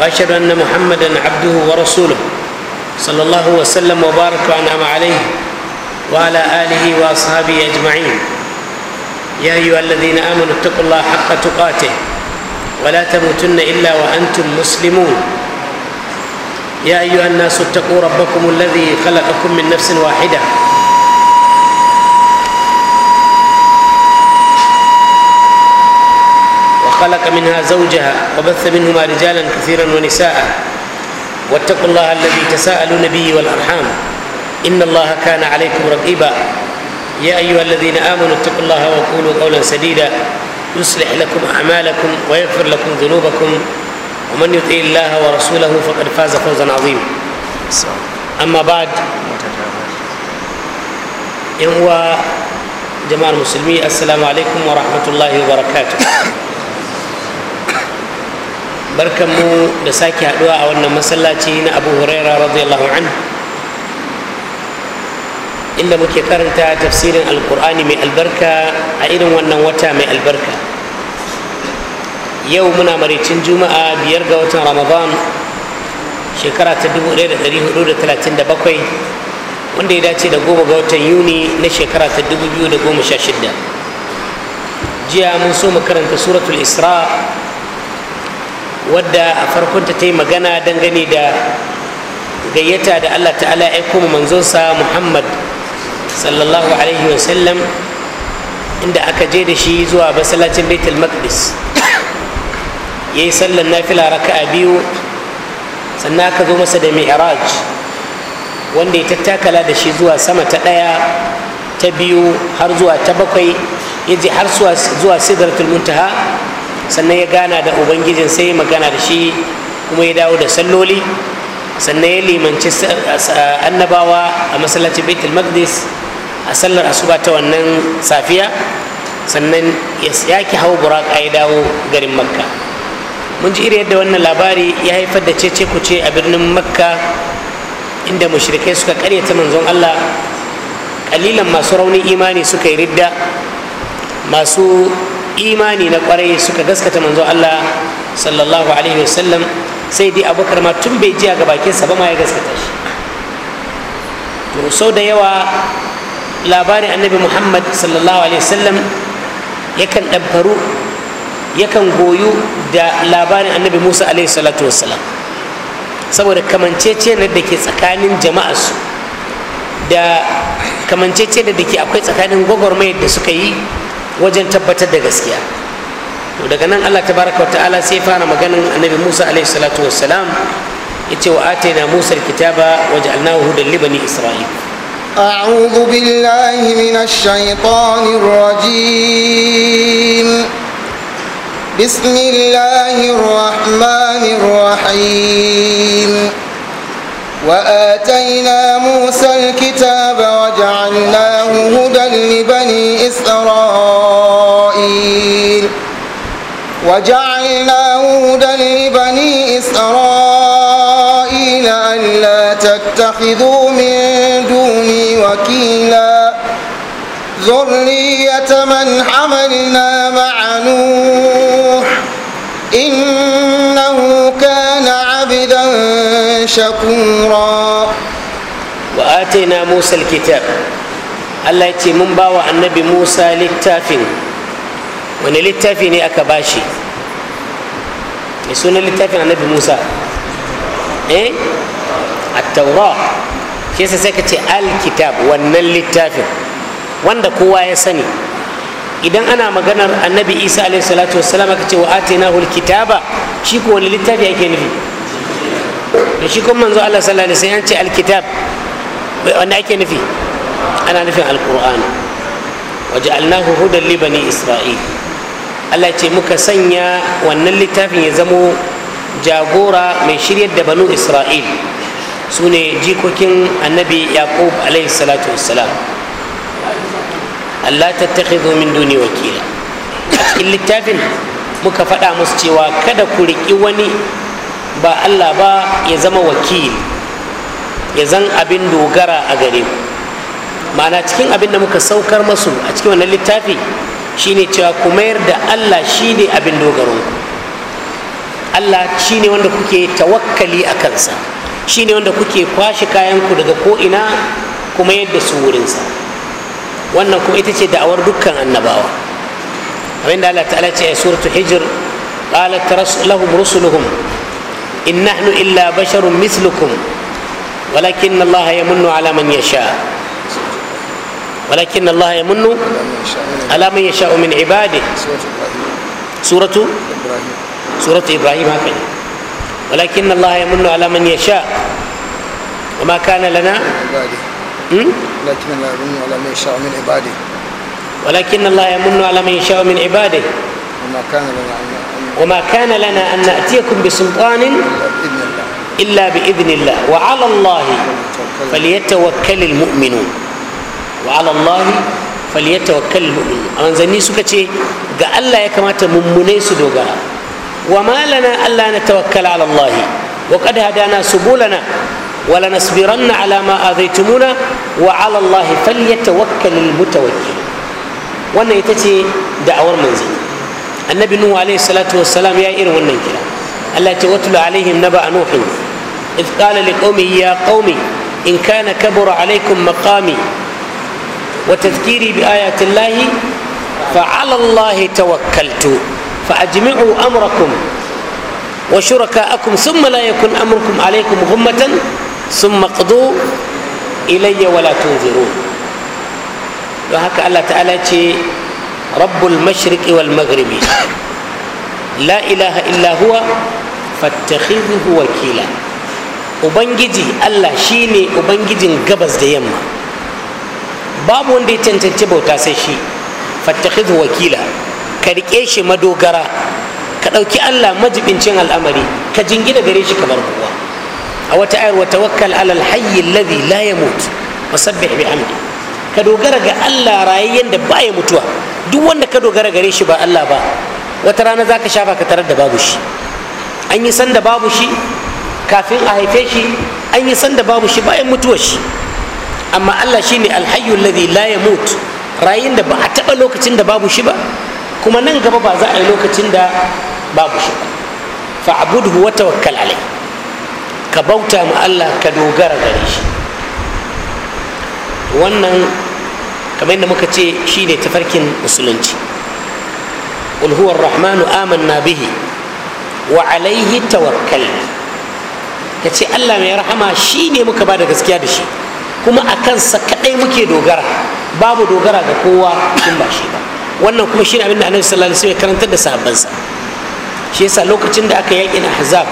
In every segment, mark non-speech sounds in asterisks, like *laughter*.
واشهد ان محمدا عبده ورسوله صلى الله وسلم وبارك وانعم عليه وعلى اله واصحابه اجمعين يا ايها الذين امنوا اتقوا الله حق تقاته ولا تموتن الا وانتم مسلمون يا ايها الناس اتقوا ربكم الذي خلقكم من نفس واحده خلق منها زوجها وبث منهما رجالا كثيرا ونساء واتقوا الله الذي تساءلون به والارحام ان الله كان عليكم رقيبا يا ايها الذين امنوا اتقوا الله وقولوا قولا سديدا يصلح لكم اعمالكم ويغفر لكم ذنوبكم ومن يطيع الله ورسوله فقد فاز فوزا عظيما اما بعد يا جماعه المسلمين السلام عليكم ورحمه الله وبركاته barkanmu da sake haduwa a wannan masallaci na abu huraira radiyallahu an inda muke karanta tafsirin alkur'ani mai albarka a irin wannan wata mai albarka yau muna maricin juma'a biyar ga watan ramadan shekara ta 1437 wanda ya dace da goma ga watan yuni na shekara ta 2016 jiya mun so mu karanta suratul isra' wadda a farkonta ta yi magana dangane da gayyata da allah ta'ala ya kuma manzonsa muhammad sallallahu alaihi wasallam inda aka je da shi zuwa basalacin baitul maqdis ya yi sallan nafila raka'a biyu sannan aka zo masa da mi'raj wanda ya tattakala da shi zuwa sama ta ɗaya ta biyu har zuwa ta bakwai ya je har zuwa sidratul muntaha sannan ya gana da ubangijin sai magana da shi kuma ya dawo da salloli sannan ya limanci annabawa a masallacin baitul maqdis a sallar asuba ta wannan safiya sannan ya ki hau buraka ya dawo garin makka mun ji iri yadda wannan labari ya haifar da cece kuce a birnin makka inda mushrikai suka ta manzon allah kalilan masu raunin imani suka yi ridda masu imani na kwarai suka gaskata manzo Allah sallallahu alaihi wasallam sai dai abubakar ma tun bai jiya ga sa ba ma ya gaskata shi to sau da yawa labarin annabi muhammad sallallahu alaihi wasallam yakan ɗabbaru yakan goyu da labarin annabi musa alaihi salatu wasallam saboda kamanceceniyar da ke tsakanin jama'a su da kamanceceniyar da ke akwai tsakanin gwagwarmayar da suka yi wajen tabbatar da gaskiya to daga nan Allah tabaraka wa ta'ala sai fara maganin annabi Musa alaihi salatu wassalam yace wa atayna Musa alkitaba ja'alnahu hudan li bani Isra'il أعوذ بالله من الشيطان الرجيم بسم الله الرحمن الرحيم وآتينا موسى الكتاب وجعلناه هدى لبني وجعلناه هدى لبني إسرائيل ألا تتخذوا من دوني وكيلا ذرية من حملنا مع نوح إنه كان عبدا شكورا وآتينا موسى الكتاب الله يتي من النبي موسى للتافين wani littafi ne aka bashi mai sunan littafin annabi musa eh at-taura shi yasa sai ka ce al-kitab wannan littafin wanda kowa ya sani idan ana maganar annabi isa alaihi salatu wassalam aka ce wa atainahu al-kitaba shi ko wani littafi ake nufi da shi kuma manzo Allah sallallahu alaihi wasallam ce al-kitab wanda ake nufi ana nufin al-qur'ani waja'alnahu hudan li bani isra'il allah ce muka sanya wannan littafin ya zamo jagora mai shiryar da banu isra'il su ne jikokin annabi yaqub alayhi salatu wassalam allah ta tattakhidhu min duni wakila a cikin littafin muka faɗa musu cewa kada ku riƙi wani ba allah ba ya zama wakil ya zan abin dogara a gare ku ma'ana cikin abin da muka saukar masu a cikin wannan littafi shine cewa ku mayar da allah shine abin dogaronku allah shine wanda kuke tawakkali a kansa shine wanda kuke kwashe kayanku daga ko'ina kuma yadda su wurinsa wannan kuma ita ce da'awar dukkan annabawa abin da allah ta'ala ce a suratul hijr قالت لهم رسلهم إن نحن إلا بشر مثلكم ولكن الله يمن على من يشاء ولكن الله يمن على من يشاء من عباده سورة سورة إبراهيم هكذا ولكن الله يمن على من يشاء وما كان لنا ولكن الله يمن على من يشاء من عباده ولكن الله يمن على من يشاء من عباده وما كان لنا وما كان لنا أن نأتيكم بسلطان إلا بإذن الله وعلى الله فليتوكل المؤمنون wa ala allahi falyatawakkal mu'min manzanni suka ce ga Allah ya kamata mummunai su dogara wa ma lana alla natawakkala ala allahi wa qad hadana subulana wa lanasbiranna ala ma azaitumuna wa ala allahi falyatawakkal almutawakkil wannan ita ce da'awar manzanni annabi nuhu alaihi salatu wassalam ya irin wannan kira Allah ya ce watlu alaihim naba nuhin إذ قال لقومه يا قوم إن كان كبر عليكم مقامي وتذكيري بآيات الله فعلى الله توكلت فأجمعوا أمركم وشركاءكم ثم لا يكن أمركم عليكم غمة ثم اقضوا إلي ولا تنذرون وهكا الله تعالى رب المشرق والمغرب لا إله إلا هو فاتخذه وكيلا أبنجدي الله شيني أبنجدي قبز ديما yamma babu wanda ya cancanci bauta sai shi fattakhidhu wakila ka riƙe shi madogara ka ɗauki Allah majibincin al'amari ka jingina gare shi kamar kowa a wata ayar wata wakkal alal hayyi alladhi la yamut wasabbih bihamdi ka dogara ga Allah rayayyen da baya mutuwa duk wanda ka dogara gare shi ba Allah ba wata rana za ka shafa ka tarar da babu shi an yi da babu shi kafin a haife shi an yi sanda babu shi bayan mutuwar shi amma Allah shine alhayyul alladhi la yamut rayin da ba a taɓa lokacin da babu shi ba kuma nan gaba ba za a yi lokacin da babu shi ba fa'budhu wa tawakkal alai ka bauta mu Allah ka dogara gare shi wannan kamar yadda muka ce ne tafarkin musulunci qul huwa rahmanu amanna bihi wa alaihi tawakkal kace Allah mai rahama shi ne muka ba da gaskiya da shi kuma a kansa kaɗai muke dogara babu dogara ga kowa in ba shi ba wannan kuma shi ne abin da annabi sallallahu alaihi wasallam ya karantar da sahabbansa shi yasa lokacin da aka yakin ahzab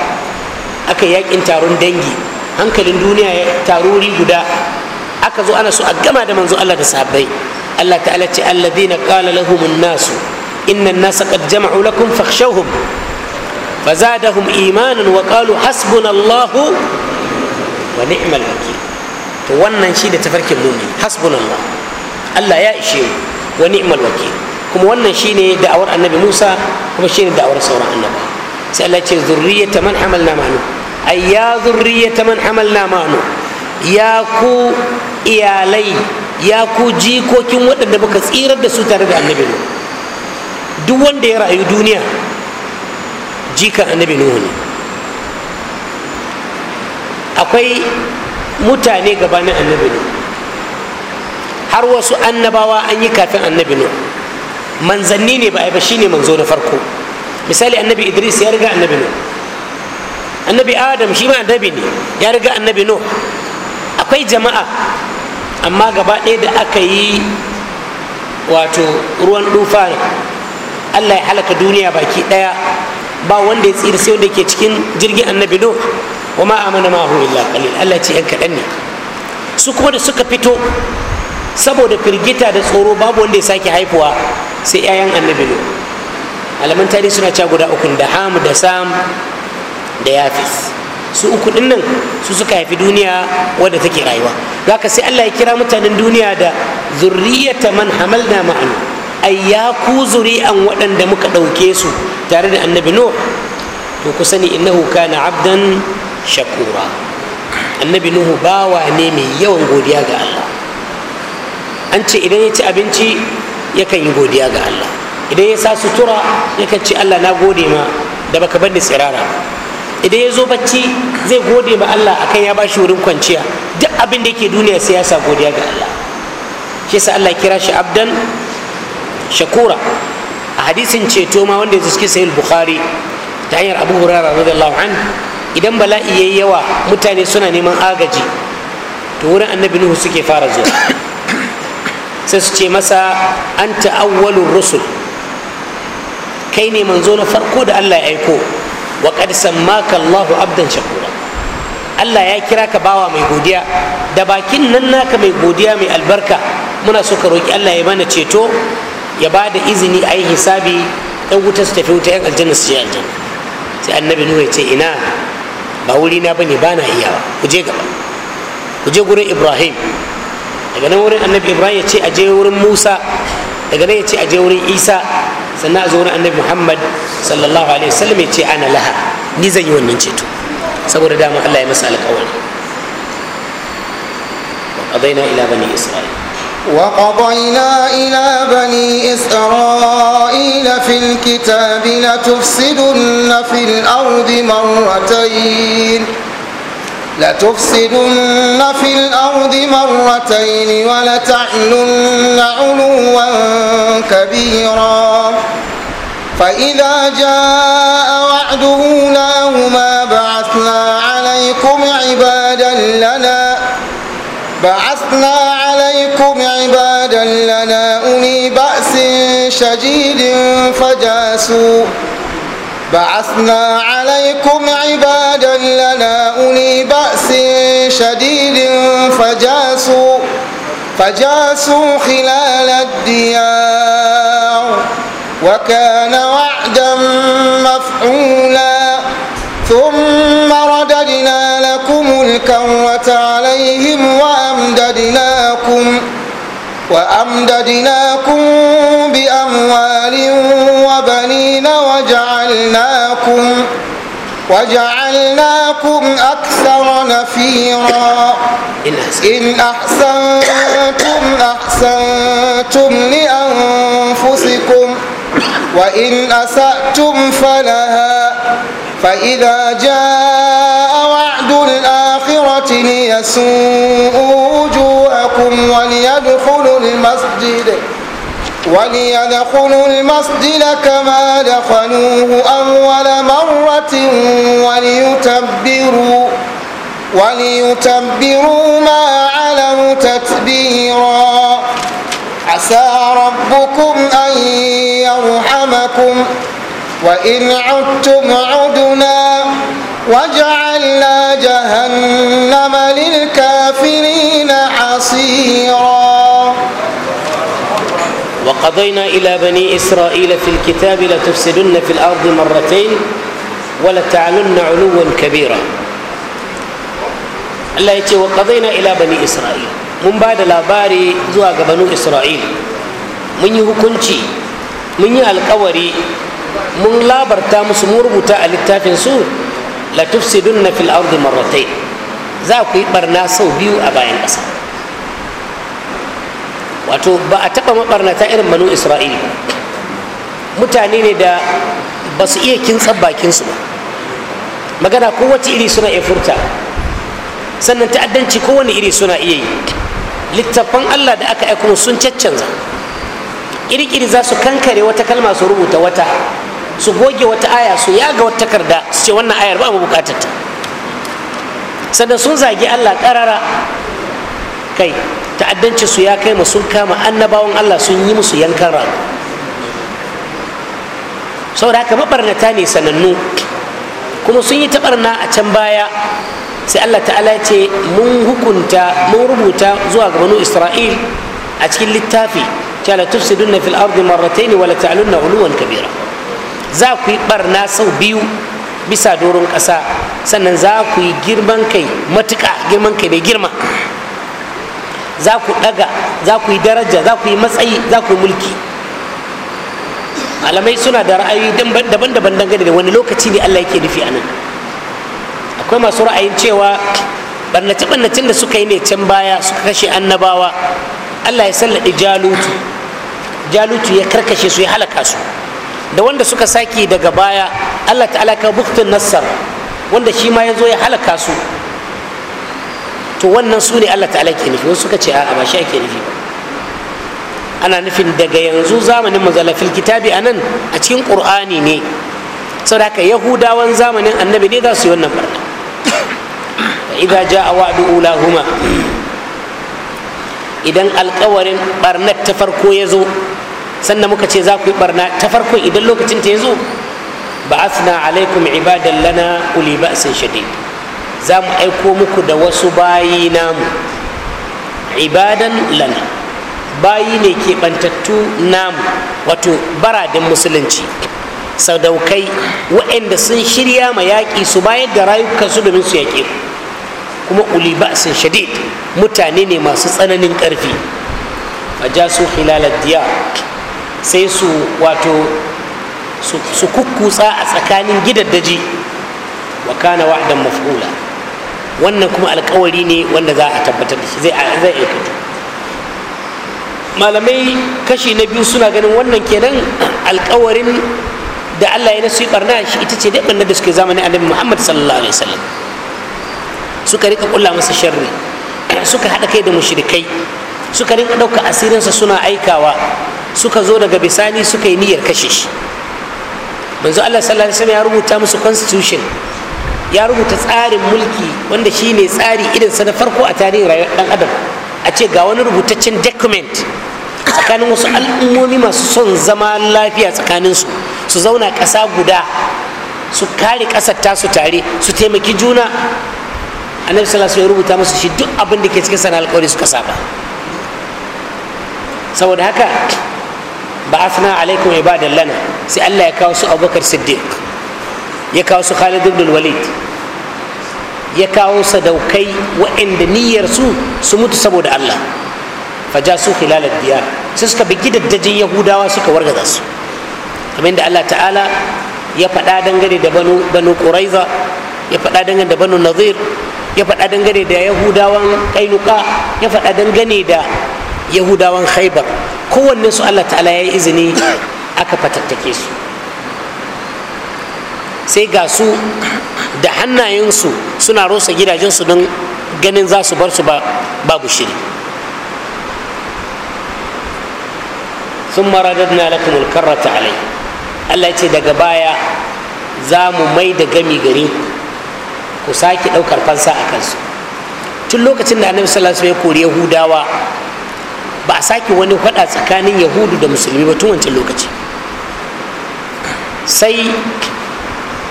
aka yakin taron dangi hankalin duniya ya taruri guda aka zo ana so a gama da manzo Allah da sahabbai Allah ta'ala ce alladhina qala lahum an-nas inna an-nas qad jama'u lakum fakhshawhum فزادهم ايمانا وقالوا hasbunallahu الله ونعم الوكيل to wannan shi da tafarkin nuni hasbunallah Allah ya ishe mu wa ni'mal wakil kuma wannan shine da'awar annabi Musa kuma shine da'awar sauran annabi sai Allah ce zurriyata man hamalna ma'anu ay ya zurriyata man hamalna ma'anu ya ku iyalai ya ku jikokin waɗanda muka tsirar da su tare da annabi nuhu duk wanda ya rayu duniya jikan annabi nuhu ne akwai mutane gabanin annabi ne har wasu annabawa an yi kafin annabi ne manzanni ne ba a yi ba ne manzo na farko misali annabi idris ya riga annabi ne annabi adam shi ma annabi ne ya riga annabi no akwai jama'a amma gaba ɗaya da aka yi wato ruwan dufa allah ya halaka duniya baki ɗaya ba wanda ya tsira sai wanda ke cikin jirgin annabi no wa ma amana ma'ahu illa qalil Allah ce yan kaɗan ne su kuma da suka fito saboda firgita da tsoro babu wanda ya sake haifuwa sai 'ya'yan annabi ne alaman tarihi suna cewa guda uku da ham da sam da yafis su uku din nan su suka haifi duniya wadda take rayuwa zaka sai Allah ya kira mutanen duniya da zurriyata man hamalna ma'an ai ya ku zuri'an waɗanda muka ɗauke su tare da annabi no to ku sani innahu kana abdan shakura annabi nuhu bawa ne mai yawan godiya ga allah an ce idan ya ci abinci yakan yi godiya ga allah idan ya sa sutura yakan ce allah na gode ma da baka bar ni tsirara idan ya zo bacci zai gode ma allah akan ya bashi wurin kwanciya duk abin da yake duniya sai ya sa godiya ga allah shi yasa allah kira shi abdan shakura a hadisin ceto ma wanda ya zuski sahih bukhari ta hanyar abu hurairah radiyallahu anhu idan bala'i ya yi yawa mutane suna neman agaji to wurin annabi nuhu suke fara zuwa sai su ce masa an ta'awwalun rusul kai ne manzo na farko da allah ya aiko wa qad sammaka allahu abdan shakura allah ya kira ka bawa mai godiya da bakin nan naka mai godiya mai albarka muna so ka roki allah ya mana ceto ya ba da izini a yi hisabi ɗan wuta su tafi wuta yan aljanna su je aljanna sai annabi nuhu ya ce ina ba wuri na bane ba na iyawa ku je gaba ku je gurin ibrahim daga nan wurin annabi ibrahim ya ce a je wurin musa daga nan ya ce a je wurin isa sannan a zo wurin annabi muhammad sallallahu alaihi wasallam ya ce ana laha ni zan yi wannan ceto saboda dama allah ya masa alƙawari وقضينا إلى بني إسرائيل وقضينا إلى بني إسرائيل في الكتاب لتفسدن في الأرض مرتين لتفسدن في الأرض مرتين ولتعلن علوا كبيرا فإذا جاء وعد أولاهما بعثنا عليكم عبادا لنا بعثنا لنا أولي بأس شديد فجاسوا بعثنا عليكم عبادا لنا أولي بأس شديد فجاسوا فجاسوا خلال الديار وكان وعدا مفعولا ثم رددنا لكم الكرة عليهم وأمددناكم وأمددناكم بأموال وبنين وجعلناكم وجعلناكم أكثر نفيرا إن أحسنتم أحسنتم لأنفسكم وإن أسأتم فلها فإذا جاء وعد الآخر قوله وجوهكم وليدخلوا المسجد وليدخلوا المسجد كما دخلوه أول مرة وليتبروا وليتبروا ما علوا تتبيرا عسى ربكم أن يرحمكم وإن عدتم عدنا وجعلنا جهنم للكافرين حصيرا وقضينا إلى بني إسرائيل في الكتاب لتفسدن في الأرض مرتين ولتعلن علوا كبيرا الله يتي وقضينا إلى بني إسرائيل من بعد لاباري زواج بنو إسرائيل من يهكنشي من يهالكوري من لابرتا مسمور بتا الكتاب سور la tufsidunna fil ardi marratayn za ku yi barna sau biyu a bayan ƙasa wato ba a taɓa maɓarnata irin banu isra'ila mutane ne da ba su iya kintsa bakinsu ba magana kowace iri suna iya furta sannan ta'addanci kowane iri suna iya yi littattafan allah da aka aiko sun caccanza iri-iri za su kankare wata kalma su rubuta wata su goge wata aya su yaga wata takarda su ce wannan ayar ba mu bukatar ta sannan sun zagi Allah karara kai ta'addanci su ya kai mu sun kama annabawan Allah sun yi musu yankan rago saboda haka mabarnata ne sanannu kuma sun yi taɓarna a can baya sai Allah ta'ala ce mun hukunta mun rubuta zuwa ga banu Isra'il a cikin littafi ta la tufsidunna fil ardi marratayn wa la ta'lunna uluwan kabira za ku yi barna sau biyu bisa doron ƙasa sannan za ku yi girman kai matuƙa girman kai mai girma za ku ɗaga za ku yi daraja za ku yi matsayi za ku yi mulki malamai suna da ra'ayi daban-daban dangane da wani lokaci ne allah yake nufi anan akwai masu ra'ayin cewa barnace-barnacen da suka yi ne can baya suka kashe annabawa allah ya sallaɗe jalutu jalutu ya karkashe su ya halaka su da wanda suka sake daga baya allah ta'ala ka buktin nassar wanda shi ma ya zo ya halaka su to wannan su ne allah ta'ala ke nufi wasu suka ce a'a ba shi ake nufi ba ana nufin daga yanzu zamanin mazalafil kitabi a nan a cikin ƙur'ani ne saboda haka yahudawan zamanin annabi ne za su yi wannan barna idan ja a wa'adu ulahuma idan alkawarin barnar ta farko ya zo sannan muka ce za ku yi barna ta farkon idan lokacin ta ya zo ba'athna alaikum ibadan lana uli ba'sin shadid za mu aiko muku da wasu bayi namu ibadan lana bayi ne keɓantattu namu wato baradin musulunci sadaukai waɗanda sun shirya ma yaƙi su bayar da rayukansu domin su yaƙe kuma uli ba'sin shadid mutane ne masu tsananin ƙarfi a jasu hilalar diyar sai su wato su kukkutsa a tsakanin gidaddaji wa kana wa'dan maf'ula wannan kuma alkawari ne wanda za a tabbatar da shi zai zai aikatu malamai kashi na biyu suna ganin wannan kenan alkawarin da Allah ya nasu barna shi ita ce dai barna da suke zamanin annabi Muhammad sallallahu alaihi wasallam suka rika kulla masa sharri suka haɗa kai da mushrikai suka rika dauka asirinsa suna aikawa suka zo daga bisani suka yi niyyar kashe shi manzo Allah sallallahu alaihi wasallam ya rubuta musu constitution ya rubuta tsarin mulki wanda shine tsari irin sa farko a tarihin rayuwar dan adam a ce ga wani rubutaccen document tsakanin wasu al'ummomi masu son zama lafiya tsakanin su zauna ƙasa guda su kare ta su tare su taimaki juna annabi sallallahu alaihi ya rubuta musu shi duk abin da ke cikin sana alƙawari suka saba saboda haka ba'athna alaikum ibadan lana sai Allah ya kawo su Abubakar Siddiq ya kawo su Khalid ibn Walid ya kawo sadaukai waɗanda niyyar su su mutu saboda Allah faja su khilal diyar sai suka bi gidaddajin Yahudawa suka wargaza su kamar da Allah ta'ala ya faɗa dangane da banu banu ya faɗa dangane da banu Nazir ya faɗa dangane da Yahudawan Kainuka ya faɗa dangane da yahudawan khaibar kowanne su allah ta'ala ya yi izini aka fatattake su sai ga su da hannayensu suna rosa gidajensu don ganin za su bar su babu shiri sun na lakum karrata alai allah ce daga baya za mu mai da gami gari ku sake ɗaukar fansa a kansu tun lokacin da annabi sallallahu alaihi wasallam ya kori yahudawa ba a sake wani faɗa tsakanin yahudu da musulmi ba tun wancan lokaci sai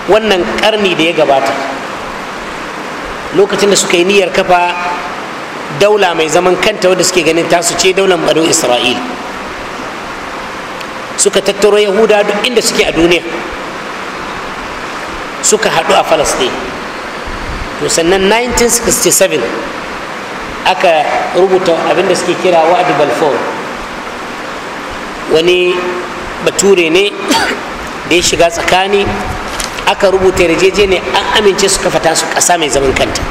wannan karni da ya gabata lokacin da suka yi niyyar kafa daula mai zaman kanta wadda suke ganin tasu ce daular banu isra'il suka tattaro yahuda duk inda suke a duniya suka haɗu a falastin to sannan 1967 aka rubuta abinda suke kira wa'adu balfour wani bature ne da ya shiga tsakani aka rubuta ne an amince suka fata su kasa mai zaman kanta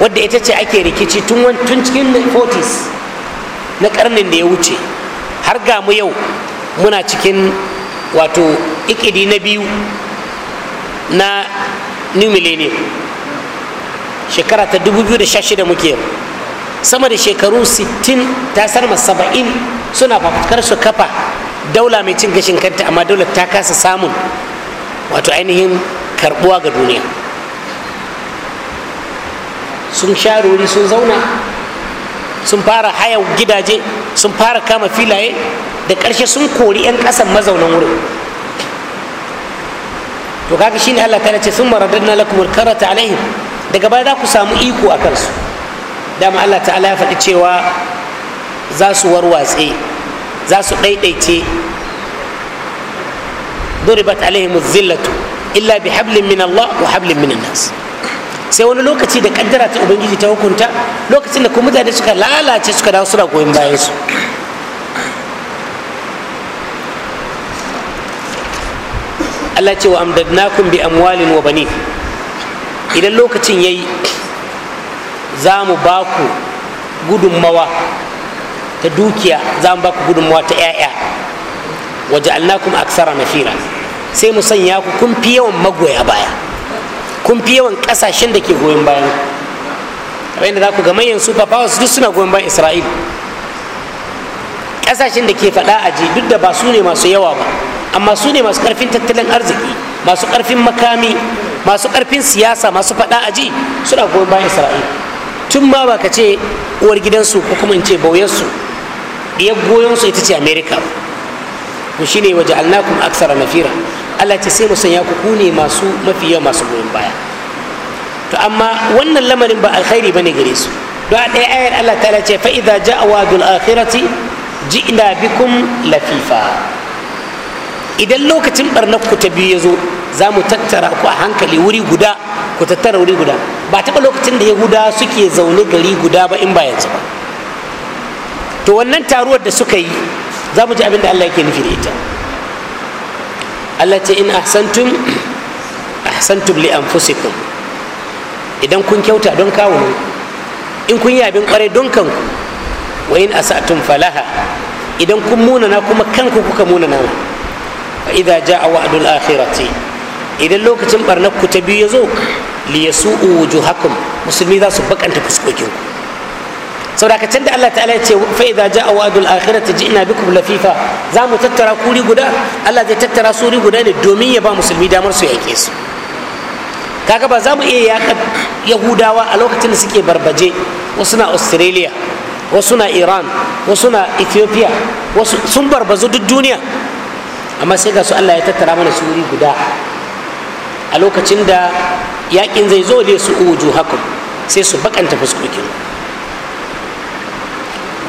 wadda ita ce ake rikici tun cikin 40s na karnin da ya wuce har ga mu yau muna cikin wato ikidi na biyu na new millennium shekara ta 2016 muke sama da shekaru 60 ta sarma 70 suna fafutukar su kafa daula mai cin gashin kanta amma daular ta kasa samun wato ainihin karbuwa ga duniya sun sha rori sun zauna sun fara haya gidaje sun fara kama filaye da ƙarshe sun kori 'yan ƙasan mazaunan wurin to kaga shine Allah ta ce sun maradar na lakumar karata alaihim daga baya za ku samu iko a kansu dama Allah ta'ala ya faɗi cewa za su warwatse za su ɗaiɗaice duribat alaihim zillatu illa bi hablin min Allah wa hablin sai wani lokaci da kaddara ta ubangiji ta hukunta lokacin da kuma mutane suka lalace suka dawo suna goyon bayan su Allah ce wa amdadnakum bi amwalin wa bani idan lokacin yayi za mu ba ku gudunmawa ta dukiya za mu ba ku gudunmawa ta 'ya'ya waje annakum aksara nafira sai mu sanya ku kun fi yawan magoya baya kun fi yawan kasashen da ke goyon bayan kamar yadda za ku ga manyan super powers duk suna goyon bayan Isra'il. kasashen da ke faɗa aji ji duk da ba su ne masu yawa ba amma su ne masu ƙarfin tattalin arziki masu ƙarfin makami masu ƙarfin siyasa masu faɗa aji suna goyon bayan Isra'il. tun ma ba ka ce uwar gidansu ko kuma in ce bauyansu goyon su ita ce america to shine waje alnakum aksara nafira allah ce sai musanya ya ku ku ne masu mafi yawa masu goyon baya to amma wannan lamarin ba alkhairi bane gare su don a ɗaya ayar allah ta ce fa idza ja'a wadul akhirati ji'na bikum lafifa idan lokacin barnar ku ta biyu ya zo za mu tattara ku a hankali wuri guda ku tattara wuri guda ba taɓa lokacin da yahuda suke zaune gari guda ba in ba yanzu ba to wannan taruwar da suka yi za mu ji abin da allah yake nufi da ita allah ce in ahsantum ahsantum li anfusikum idan kun kyauta don kawo in kun yi abin kwarai don kanku wa in asatum falaha idan kun munana kuma kanku kuka munana idza jaa wa'dul akhirati idan lokacin barnar ku ta biyu ya zo li yasu'u wujuhakum musulmi za su bakanta fuskokin ku saboda ka da Allah ta'ala ya ce fa idza jaa wa'dul akhirati ji'na bikum lafifa za mu tattara kuri guda Allah zai tattara su guda ne domin ya ba musulmi damar su yake su kaga ba za mu iya yaƙa yahudawa a lokacin da suke barbaje wasu na australia wasu na iran wasu na ethiopia wasu sun barbazu duk duniya amma sai ga su Allah ya tattara mana su wuri guda a lokacin da yakin zai zo dai su uju hakum sai su bakanta fuskokin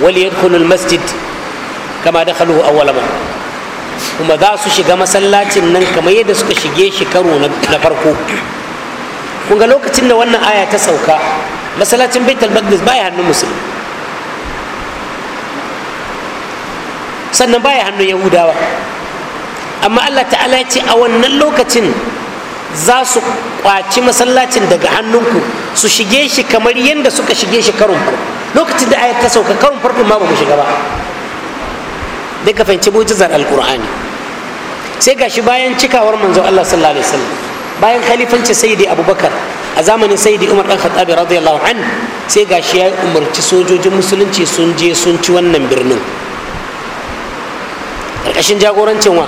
wali yadkhulul masjid kama dakhaluhu awwala man kuma za su shiga masallacin nan kamar yadda suka shige shi karo na farko kun lokacin da wannan aya ta sauka masallacin baitul maqdis baya hannun musulmi sannan baya hannun yahudawa amma allah ta'ala ce a wannan lokacin za su kwaci masallacin daga hannunku su shige shi kamar yadda suka shige shi karunku lokacin da ayat ta sauka karun farko ma ba mu shiga ba dai ka fahimci mujizar alkur'ani sai gashi bayan cikawar manzo allah sallallahu alaihi wasallam bayan khalifanci sayyidi abubakar a zamanin sayyidi umar dan khattabi radiyallahu an sai gashi ya umarci sojojin musulunci sun je sun ci wannan birnin karkashin jagorancin wa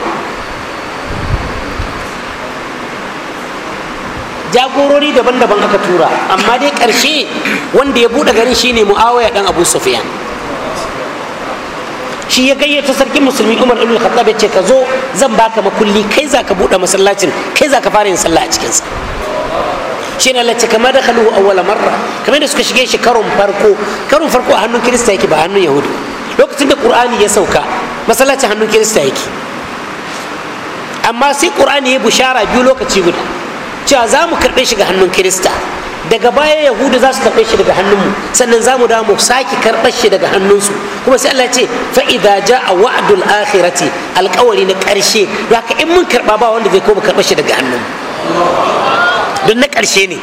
jagorori daban-daban aka tura amma dai ƙarshe wanda ya buɗe garin shine mu'awaya dan abu sufyan shi ya gayyata sarkin musulmi umar ibn khattab ya ce ka zo zan baka makulli kai za ka buɗe masallacin kai za ka fara yin sallah a cikinsa shi ne lalace kamar da kaluhu awwala marra kamar da suka shige shi karon farko karon farko a hannun kirista yake ba hannun yahudi lokacin da qur'ani ya sauka masallacin hannun kirista yake amma sai qur'ani ya bushara biyu lokaci guda cewa za mu karɓe shi ga hannun kirista daga baya yahudu za su karɓe shi daga hannunmu sannan za mu dawo mu sake karɓar shi daga hannunsu kuma sai allah ce fa'iza ja a wa'adul akhirati alkawari na ƙarshe ya ka in mun karɓa ba wanda zai koma karɓar shi daga hannunmu don na ƙarshe ne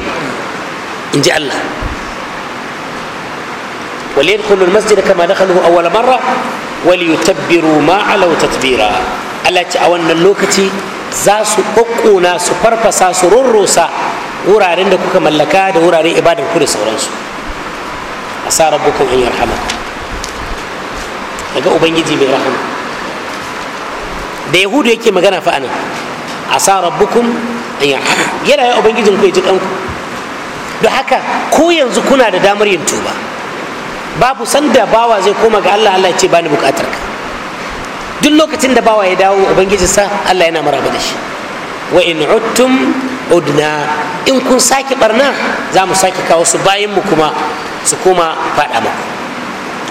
in ji allah وليدخلوا المسجد كما دخلوه tabbiru ma وليتبروا ما علوا ce a wannan اللوكتي za su ƙoƙƙona su farfasa su rurrusa wuraren da kuka mallaka da wuraren ibadan ku da sauransu a sa rabbukum in yarhama daga ubangiji mai rahama da yahudu yake magana fa anan a sa rabbukum in yarhama yana yi ubangijin ku ya ji ɗanku don haka ko yanzu kuna da damar yin tuba babu sanda bawa zai koma ga Allah Allah ya ce bani bukatar ka duk lokacin da bawa ya dawo ubangijinsa allah yana maraba da shi wa in uttum udna in kun sake barna za mu sake kawo su bayanmu mu kuma su koma faɗa muku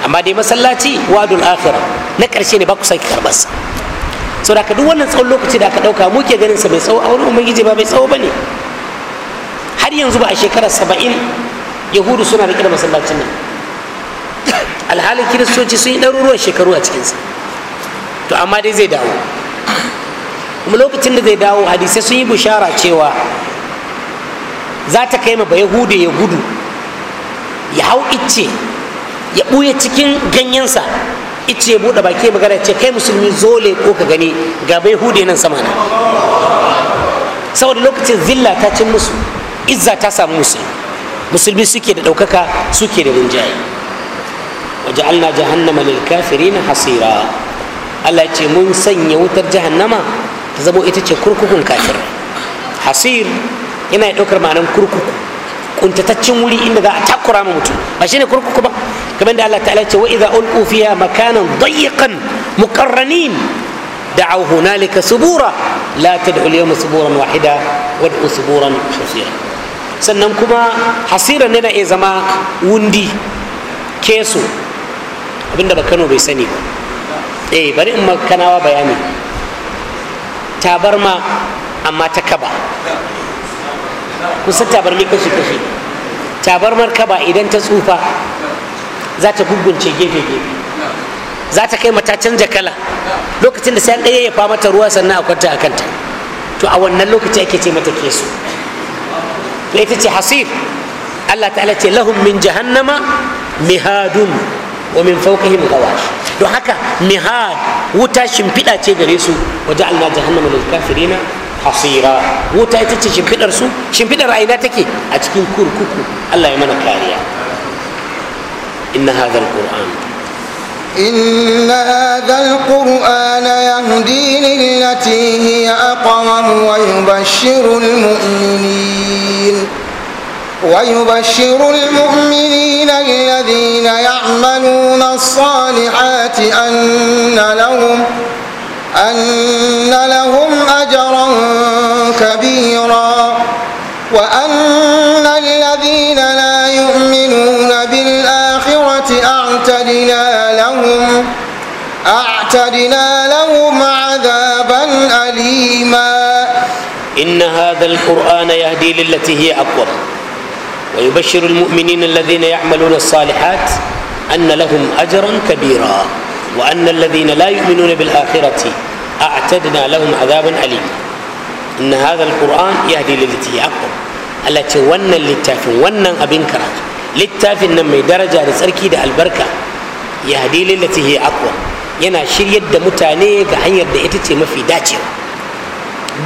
amma dai masallaci wadul akhira na ƙarshe ne ba ku sake karɓarsa saboda ka duk wannan tsawon lokaci da aka ɗauka ke ganin sa mai tsawo a wurin ubangiji ba mai tsawo ba ne har yanzu ba a shekarar saba'in yahudu suna riƙe da masallacin nan *coughs* alhalin kiristoci sun yi ɗaruruwan shekaru a cikinsa to amma dai zai dawo kuma lokacin da zai dawo hadisai sun yi bishara cewa za ta kai ma hude ya gudu ya hau icce ya ɓuya cikin ganyensa icce ya buɗe baki magana ce kai musulmi zole ko ka gani ga bai hude nan sama na saboda lokacin zilla ta cin musu izza ta samu musu musulmi suke da ɗaukaka suke da rinjaye waje alna jahannama lil kafirina hasira Allah ce mun sanya wutar jahannama ta zamo ita ce kurkukun kafir hasir yana ɗaukar ma'anar kurkuku kuntataccen wuri inda za a takura ma mutum ba shine kurkuku ba kamar da Allah ta'ala ce wa idza ulqu fiha makanan dayyiqan muqarranin da'aw hunalika subura la tad'u al-yawma suburan wahida wad'u suburan kathira sannan kuma hasiran yana iya zama wundi keso abinda ba Kano bai sani ba eh bari in makanawa bayani tabarma amma ta kaba kusan tabarmi kashe kashe tabarmar kaba idan ta tsufa za ta gugunce gefe gefe za ta kai mata canja kala lokacin da sai ɗaya ya fa mata ruwa sannan a kwanta a kanta to a wannan lokaci ake ce mata kesu to ita ce hasir Allah ta'ala ce lahum min jahannama mihadun wa min fawqihim ghawash don haka mihad wuta shimfiɗa ce gare su waje allah jahannama da kafirina hasira wuta ita ce shimfiɗar su shimfiɗar a take a cikin kurkuku Allah ya mana kariya inna hadha alquran إن هذا القرآن يهدي للتي هي أقوم ويبشر المؤمنين ويبشر المؤمنين الذين يعملون الصالحات أن لهم أن لهم أجرا كبيرا وأن الذين لا يؤمنون بالآخرة أعتدنا لهم أعتدنا لهم عذابا أليما إن هذا القرآن يهدي للتي هي أقوى ويبشر المؤمنين الذين يعملون الصالحات أن لهم أجرا كبيرا وأن الذين لا يؤمنون بالآخرة أعتدنا لهم عذابا أليما إن هذا القرآن يهدي للتي هي أقوم التي ونن للتافن ونن أبن كرات للتافن نمي درجة لسركي ده البركة يهدي للتي هي أقوم yana shiryar da mutane ga hanyar da ita ce mafi dacewa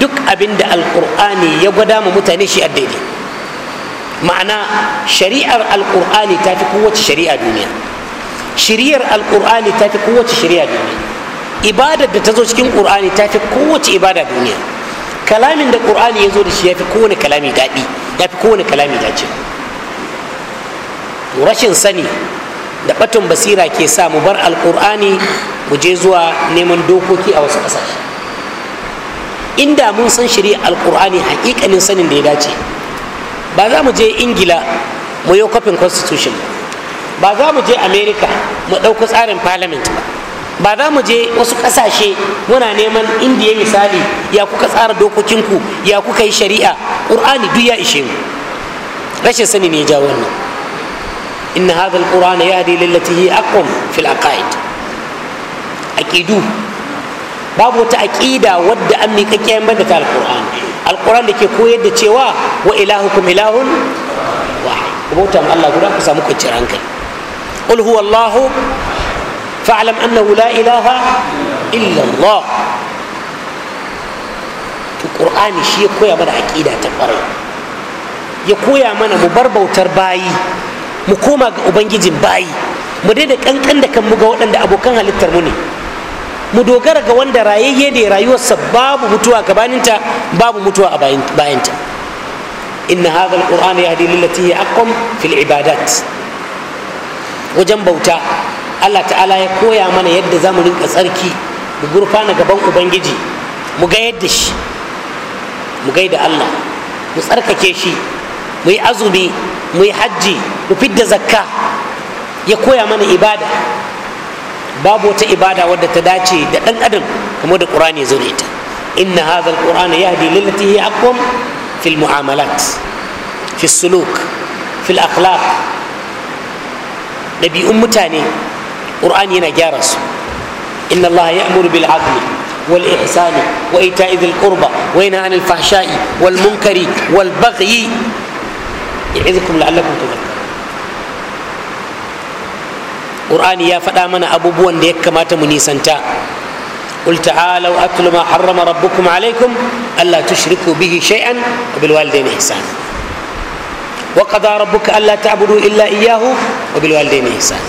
duk abin da alkur'ani ya gwada ma mutane shi a daidai ma'ana shari'ar alƙur'ani ta fi kowace shari'a duniya shari'ar alƙur'ani ta fi kowace shari'a duniya ibadar da ta zo cikin ƙur'ani ta fi kowace ibada duniya kalamin da ƙur'ani ya zo da shi ya fi kowane kalami daɗi ya fi kowane kalami dace rashin sani da batun basira ke sa mu bar alƙur'ani mu je zuwa neman dokoki a wasu ƙasashe inda mun san shari'ar alƙur'ani hakikalin sanin da ya dace ba za mu je ingila mu yi kofin constitution ba za mu je america mu ɗauko tsarin parliament ba ba za mu je wasu ƙasashe muna neman indiya misali ya kuka tsara dokokinku ya kuka yi shari'a ƙur'ani duk ya ishe mu rashin sani ne ya jawo wannan inna hadha alqur'ana yahdi lillati hi aqwam fil aqaid aqidu babu wata aqida wadda an miƙaƙƙiya banda ta alqur'ani alquran da ke koyar da cewa wa ilahukum ilahun wahid ku bauta Allah guda ku samu kwanciyar hankali qul huwallahu fa'lam annahu la ilaha illa Allah to shi ya koya mana aqida ta kwarai ya koya mana mu bar bautar bayi mu koma ga ubangijin bayi mu daina kankan da kan mu ga waɗanda abokan halittar mu ne mu dogara ga wanda rayayye ne rayuwarsa babu mutuwa gabaninta babu mutuwa a bayanta inna hadha alquran yahdi lillati ya aqwam fil ibadat wajen bauta Allah ta'ala ya koya mana yadda za mu rinka tsarki mu gurfana gaban ubangiji mu ga yadda shi mu gaida Allah mu tsarkake shi mu yi azumi mu yi hajji mu fidda zakka ya koya mana ibada babu wata ibada wadda ta dace da dan adam kamar da qur'ani zai da ita inna hadha alqur'ana yahdi lillati hi aqwam fil mu'amalat fi suluk fil akhlaq ɗabi'un mutane qur'ani yana gyara su inna allaha ya'muru bil adli wal ihsani wa ita'i dhil qurba wa yanha 'anil fahsha'i wal munkari wal baghi يعظكم لعلكم تذكرون qur'ani ya faɗa mana abubuwan da ya kamata mu nisanta قل تعالوا أتل ما حرم ربكم عليكم ألا تشركوا به شيئا وبالوالدين إحسانا وقضى ربك ألا تعبدوا إلا إياه وبالوالدين إحسانا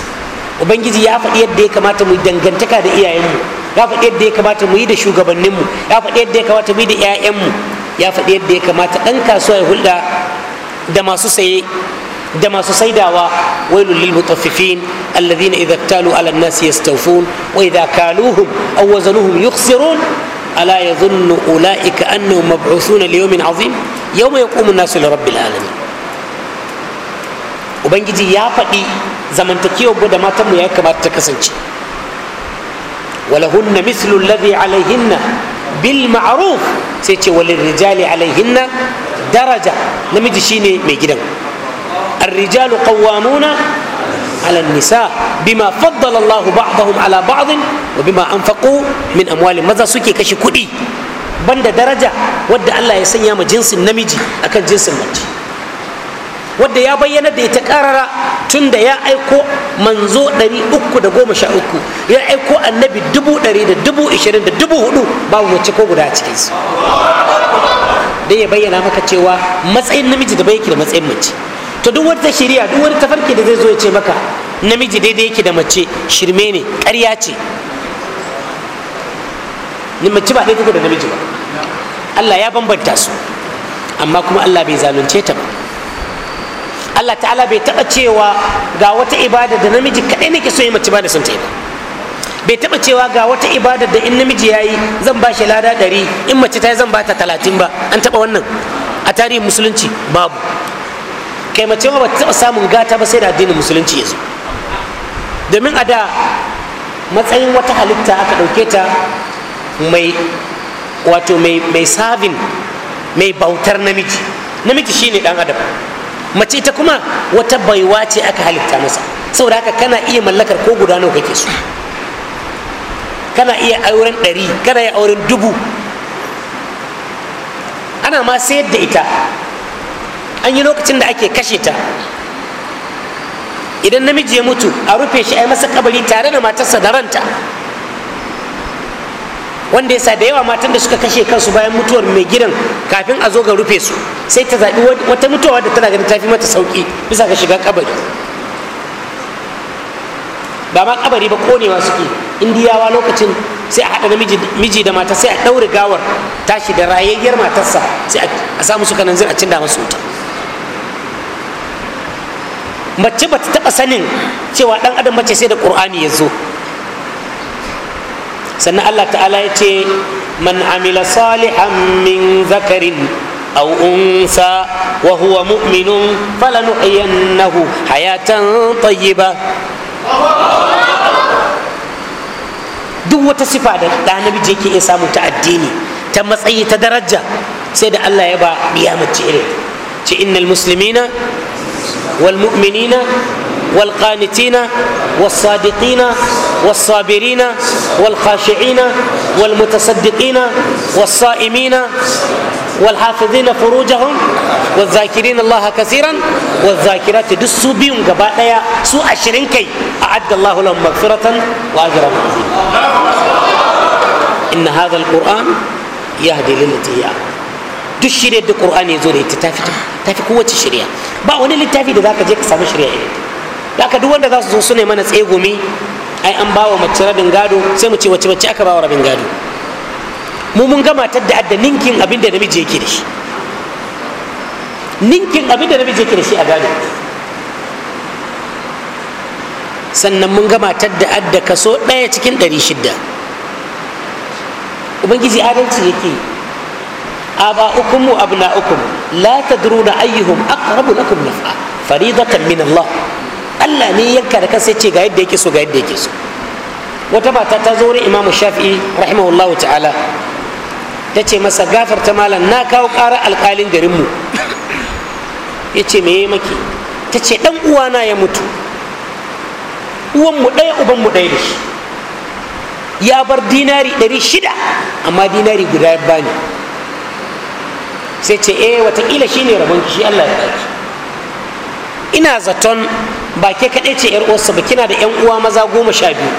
ubangiji ya dangantaka da iyayenmu ya faɗi da shugabanninmu ya faɗi yadda mu yi da ɗan kasuwa ya da masu saye da masu saidawa wailul lil mutaffifin alladhina idza talu ala an-nasi yastawfun wa idza kaluhum aw wazanuhum yukhsirun ala yadhunnu ulaika annahum mab'uthuna li yawmin 'azim yawma yaqumu an-nasu li rabbil alamin ubangiji ya faɗi zamantakewar da matanmu ya kamata ta kasance ولهن مثل الذي عليهن بالمعروف سيتي وللرجال عليهن daraja namiji shine mai gidan الرجال قوامون على النساء بما فضل الله بعضهم على بعض وبما أنفقوا من أموالهم ماذا سكي كشي كدي بند درجة ود الله يسني ما جنس النمجي أكن جنس المجي ود يا بينا دي تكرر تند يا أيكو منزو دري أكو دقو مشا أكو يا أيكو النبي دبو دري دبو إشرين دبو هدو باو وچكو قد أتكيز دي يبين مكا تيوا مسعين نمجي دبيكي لمسعين مجي to duk wata shari'a duk wani tafarki da zai zo ya ce maka namiji daidai yake da mace shirme ne ƙarya ce mace ba daidai da namiji ba Allah ya bambanta su amma kuma Allah bai zalunce ta ba Allah ta'ala bai taɓa cewa ga wata ibada da namiji kaɗai nake so yi mace ba da son ta yi ba bai taɓa cewa ga wata ibada da in namiji ya yi zan ba shi lada ɗari in mace ta yi zan ba ta talatin ba an taɓa wannan a tarihin musulunci babu kai mace ma ba taɓa samun gata ba sai da addinin musulunci yazo domin a da matsayin wata halitta aka ɗauke ta mai wato mai sabin mai bautar namiji namiji shine dan adam mace ita kuma wata baiwa ce aka halitta masa saboda haka kana iya mallakar ko guda nawa kake so kana iya auren ɗari kana iya auren dubu ana ma sayar da ita an yi lokacin da ake kashe ta idan namiji ya mutu a rufe shi a yi masa kabari tare da matarsa da ranta wanda yasa da yawa matan da suka kashe kansu bayan mutuwar mai gidan kafin a zo ga rufe su sai ta zaɓi wata mutuwa da tana ganin tafi mata sauƙi bisa ga shiga kabari ba ma kabari ba konewa suke indiyawa lokacin sai a haɗa da miji da mata sai a ɗaure gawar tashi da rayayyar matarsa sai a samu su a cin da masu wuta mace ba ta taɓa sanin cewa ɗan adam mace sai da ƙur'ani ya zo sannan allah ta'ala ya ce man amila salihan min zakarin aw unsa wa huwa mu'minun falanuhyiyannahu hayatan tayyiba duk wata sifa da ɗa namiji yake iya samu ta addini ta matsayi ta daraja sai da Allah ya ba biya mace irin ce innal muslimina والمؤمنين والقانتين والصادقين والصابرين والخاشعين والمتصدقين والصائمين والحافظين فروجهم والذاكرين الله كثيرا والذاكرات دسوا بهم قبائل سوء عشرين كي أعد الله لهم مغفرة وأجرا إن هذا القرآن يهدي للتي هي duk shirya da ya zo da ita ta fi kowace shirya ba wani littafi da zaka je ka samu shirya irin ta ka duk wanda za su zo su ne mana tsegumi ai an ba wa mace rabin gado sai mu ce wace wace aka ba wa rabin gado mu mun gama ta da adda ninkin abin da namiji yake da shi ninkin abin da namiji yake da shi a gado sannan mun gabatar da adda kaso ɗaya cikin ɗari shidda ubangiji adalci yake آباؤكم وأبناؤكم لا تدرون أيهم أقرب لكم نفعا فريضة من الله Allah ne yanka da kansa ce ga yadda yake so ga yadda yake so wata mata ta zo wurin Imam Shafi'i rahimahullahu ta'ala ta ce masa gafarta malam na kawo ƙara alƙalin garinmu ya ce me maki ta ce ɗan uwana ya mutu uwanmu ɗaya ubanmu ɗaya da shi ya bar dinari ɗari shida amma dinari guda ya bani sai ce eh watakila shi ne rabon shi Allah ya baki ina zaton ba ke kaɗai ce yar uwarsa ba kina da yan uwa maza goma sha biyu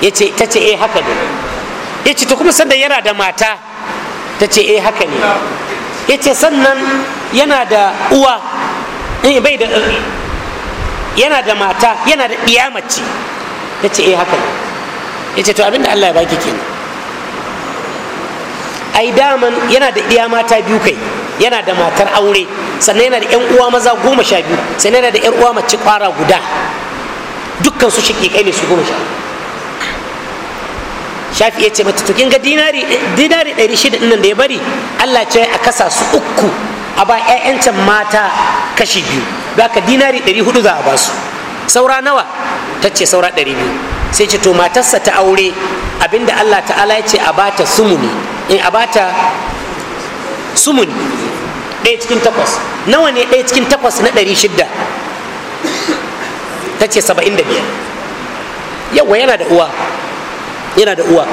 ya ce ta ce eh haka ne ya ce ta kuma sanda yana da mata ta ce eh haka ne ya ce sannan yana da uwa eh, bai da yana da mata yana da iyamaci ya ce eh haka ne ya ce to abinda Allah ya baki kenan ai daman yana da iya mata biyu kai yana da matar aure sannan yana da yan uwa maza goma sha biyu sannan yana da yan uwa mace kwara guda dukkan su kai ne su goma sha shafi ya ce mata to kin ga dinari dinari ɗari shida nan da ya bari Allah ce a kasa su uku a ba ƴaƴancin mata kashi biyu ka dinari ɗari hudu za a ba su saura nawa ta ce saura ɗari biyu sai ce to matarsa ta aure abinda Allah ta'ala ya ce a bata sumuni in a bata sumuni ɗaya cikin takwas nawa ne ɗaya cikin takwas na ɗari shidda ta ce saba'in da biyar yawa yana da uwa yana da uwa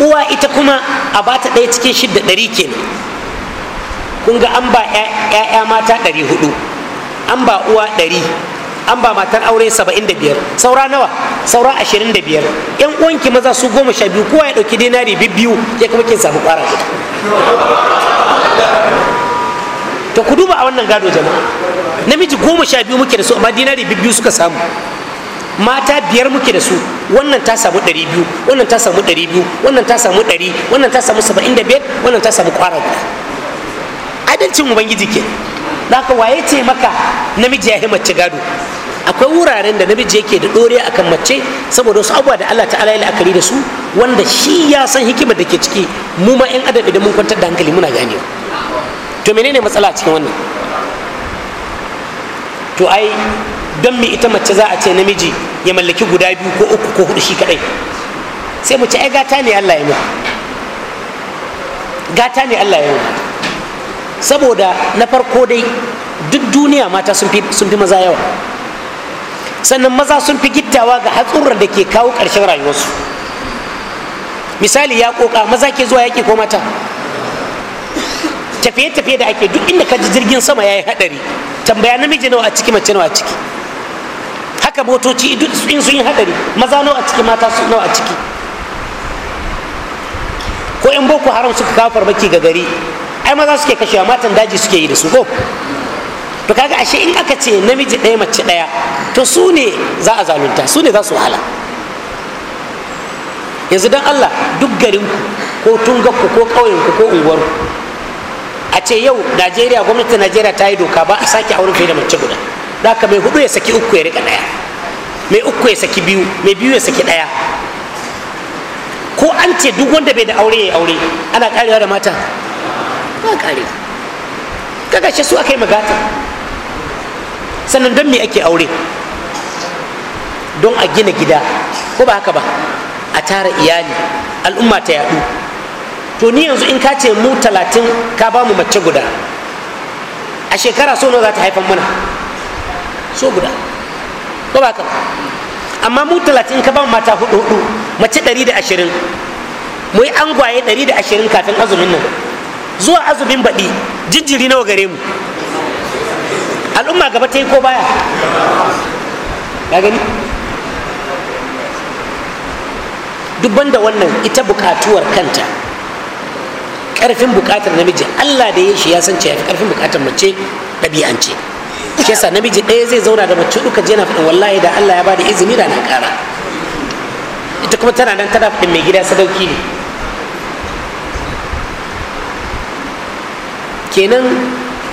uwa ita kuma a bata ɗaya cikin shidda ɗari kenan kun ga an ba 'ya'ya mata ɗari hudu an ba uwa ɗari an ba matar aure 75 saura nawa saura 25 yan uwanki maza su goma sha biyu kowa ya dauki dinari biyu ya kuma kin samu kwara to ku duba a wannan gado jama'a namiji goma sha biyu muke da su amma dinari biyu suka samu mata biyar muke da su wannan ta samu ɗari biyu wannan ta samu ɗari biyu wannan ta samu ɗari wannan ta samu saba'in da biyar wannan ta samu kwara guda adalcin ubangiji ke da wa waye ce maka namiji ya yi mace gado akwai wuraren da namiji yake da dore akan mace saboda wasu abubuwa da Allah ta'ala ya la'akari da su wanda shi ya san hikimar da ke ciki mu ma yan adam idan mun kwantar da hankali muna ganewa to menene matsala cikin wannan to ai don me ita mace za a ce namiji ya mallaki guda biyu ko uku ko hudu shi kadai sai mu ce ai gata ne Allah ya mu gata ne Allah ya mu saboda na farko dai duk duniya mata sun fi maza yawa sannan maza sun fi gittawa ga hatsurran da ke kawo ƙarshen rayuwarsu misali ya koka maza ke zuwa yaƙi ko mata tafiye-tafiye da ake duk inda ka ji jirgin sama ya yi haɗari tambaya namiji nawa a ciki mace nawa a ciki haka motoci in sun yi haɗari maza nawa a ciki mata nawa a ciki ko 'yan boko haram suka kawo farmaki ga gari ai maza suke kashewa matan daji suke yi da su ko to kaga ashe in aka ce namiji ɗaya mace ɗaya to su ne za a zalunta su ne za su wahala yanzu don allah duk garinku ko tungarku ko ƙauyenku ko unguwarku a ce yau najeriya gwamnatin najeriya ta yi doka ba a sake auren fiye da mace guda da haka mai hudu ya saki uku ya rika ɗaya mai uku ya saki biyu mai biyu ya saki ɗaya ko an ce duk wanda bai da aure ya aure ana karewa da mata ba kare kaga shi su aka yi magata sannan don me ake aure don a gina gida ko ba haka ba a tara iyali al'umma ta yadu to ni yanzu in ka ce mu talatin ka ba mu mace guda a shekara so nawa za ta haifan mana so guda ko ba haka ba amma mu talatin ka ba mu mata hudu hudu mace ɗari da ashirin mu yi angwaye ɗari da ashirin kafin azumin nan zuwa azumin baɗi jinjiri nawa gare mu al'umma gaba ta yi ko baya ya gani dubban da wannan ita bukatuwar kanta karfin bukatar namiji allah da ya shi ya san cewa karfin bukatar mace ɗabi'ance shi sa namiji ɗaya zai zauna da mace duka jena faɗin wallahi da allah ya bada izini da na ƙara ita kuma tana nan tana faɗin mai gida sadauki ne kenan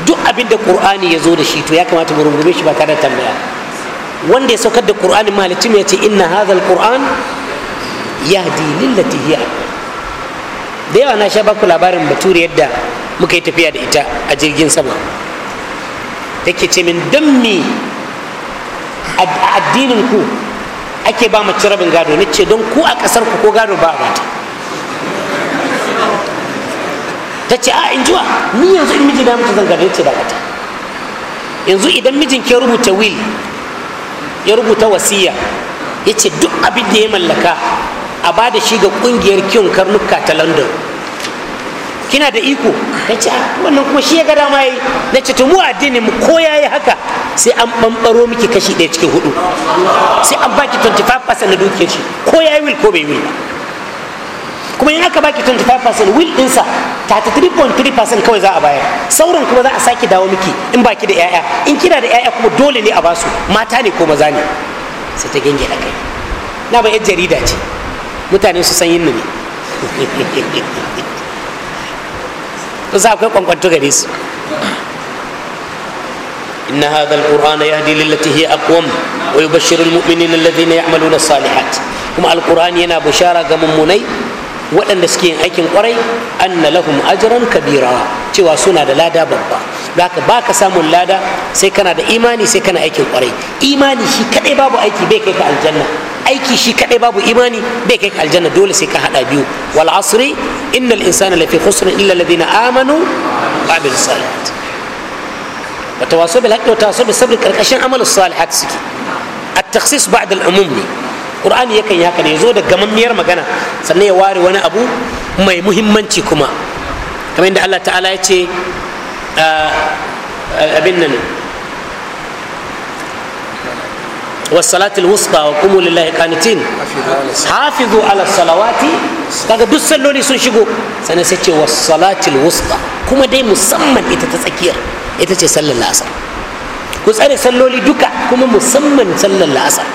duk abin da qur'ani ya zo da shi to ya kamata mu rungume shi ba tare da tambaya wanda ya saukar da qur'ani mahalicin ya ce inna hadha alquran yahdi lillati hiya da yawa na sha baku labarin bature yadda muka yi tafiya da ita a jirgin sama take ce min dan me addinin ku ake ba mace rabin gado na ce don ku a kasar ku ko gado ba a bata ta ce a in jiwa ni yanzu in miji na mutu zan gare ce dakata yanzu idan mijin ke rubuta wil ya rubuta wasiya ya ce duk abin da ya mallaka a ba da shi ga kungiyar kiwon karnuka ta london kina da iko ta ce wannan kuma shi ya ga dama yi na ce to mu addini mu ko ya yi haka sai an ɓanɓaro miki kashi ɗaya cikin hudu sai an baki 25% na dukiyar shi ko ya yi will ko bai will ba kuma in aka baki 25% will ɗinsa 33.3% kawai za a bayar sauran kuma za a sake dawo miki in baki da 'ya'ya in kina da 'ya'ya kuma dole ne a basu mata ne ko maza ne sai ta genge da kai na ba yar jarida ce mutane su san yin ne *laughs* sa akwai kwankwanto gare su إن هذا القرآن يهدي للتي هي أقوم ويبشر المؤمنين الذين يعملون الصالحات كما القرآن ينا بشارة ga mummunai. waɗanda suke yin aikin kwarai anna lahum kabira cewa suna da lada babba haka ba ka samun lada sai kana da imani sai kana aikin kwarai imani shi kadai babu aiki bai kai ka aljanna aiki shi kadai babu imani bai kai ka aljanna dole sai ka haɗa biyu wal asri innal insana lafi illa alladhina amanu wa amilus salihat wa haqqi wa sabr karkashin amalus salihat suke at-takhsis ba'da al-umum ne qur'ani yakan yi haka ne zo da gamammiyar magana sannan ya ware wani abu mai muhimmanci kuma kamar yadda Allah ta'ala ya ce abin nan والصلاة الوسطى وقوموا لله قانتين حافظوا على الصلوات kaga duk salloli sun shigo sannan sai ce والصلاة الوسطى kuma dai musamman ita ta tsakiyar ita ce sallar la'asar ku tsare salloli duka kuma musamman sallar la'asar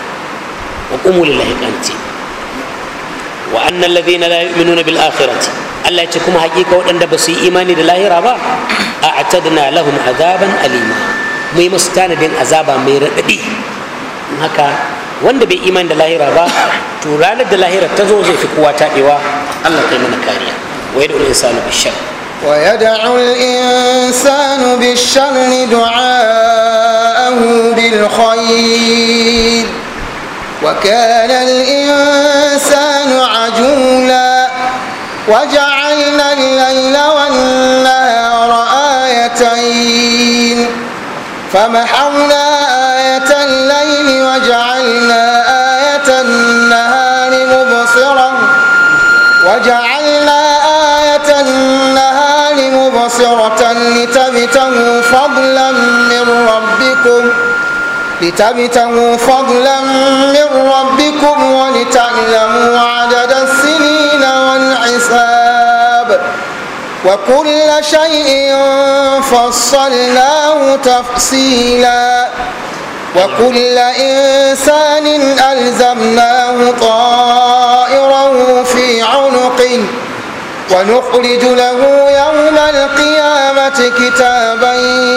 وقوموا لله قانتين وأن الذين لا يؤمنون waɗanda الله يتكم حقيقة da بسي ba لله ربا أعتدنا لهم عذابا أليما مي مستان بين عذابا raɗaɗi هكا wanda bai iman da lahira ba to ranar da lahira ta zo zai fi kowa taɗewa allah kai mana kariya wa yadda insanu bishar wa yad'u al-insanu bishar du'a'ahu bil khair وكان الإنسان عجولا وجعلنا الليل والنهار آيتين فمحونا آية الليل وجعلنا آية النهار مبصرة وجعلنا آية النهار مبصرة لتبتغوا فضلا من ربكم لتبتغوا فضلا من ربكم ولتعلموا عدد السنين والحساب وكل شيء فصلناه تفصيلا وكل إنسان ألزمناه طائره في عنقه ونخرج له يوم القيامة كتابا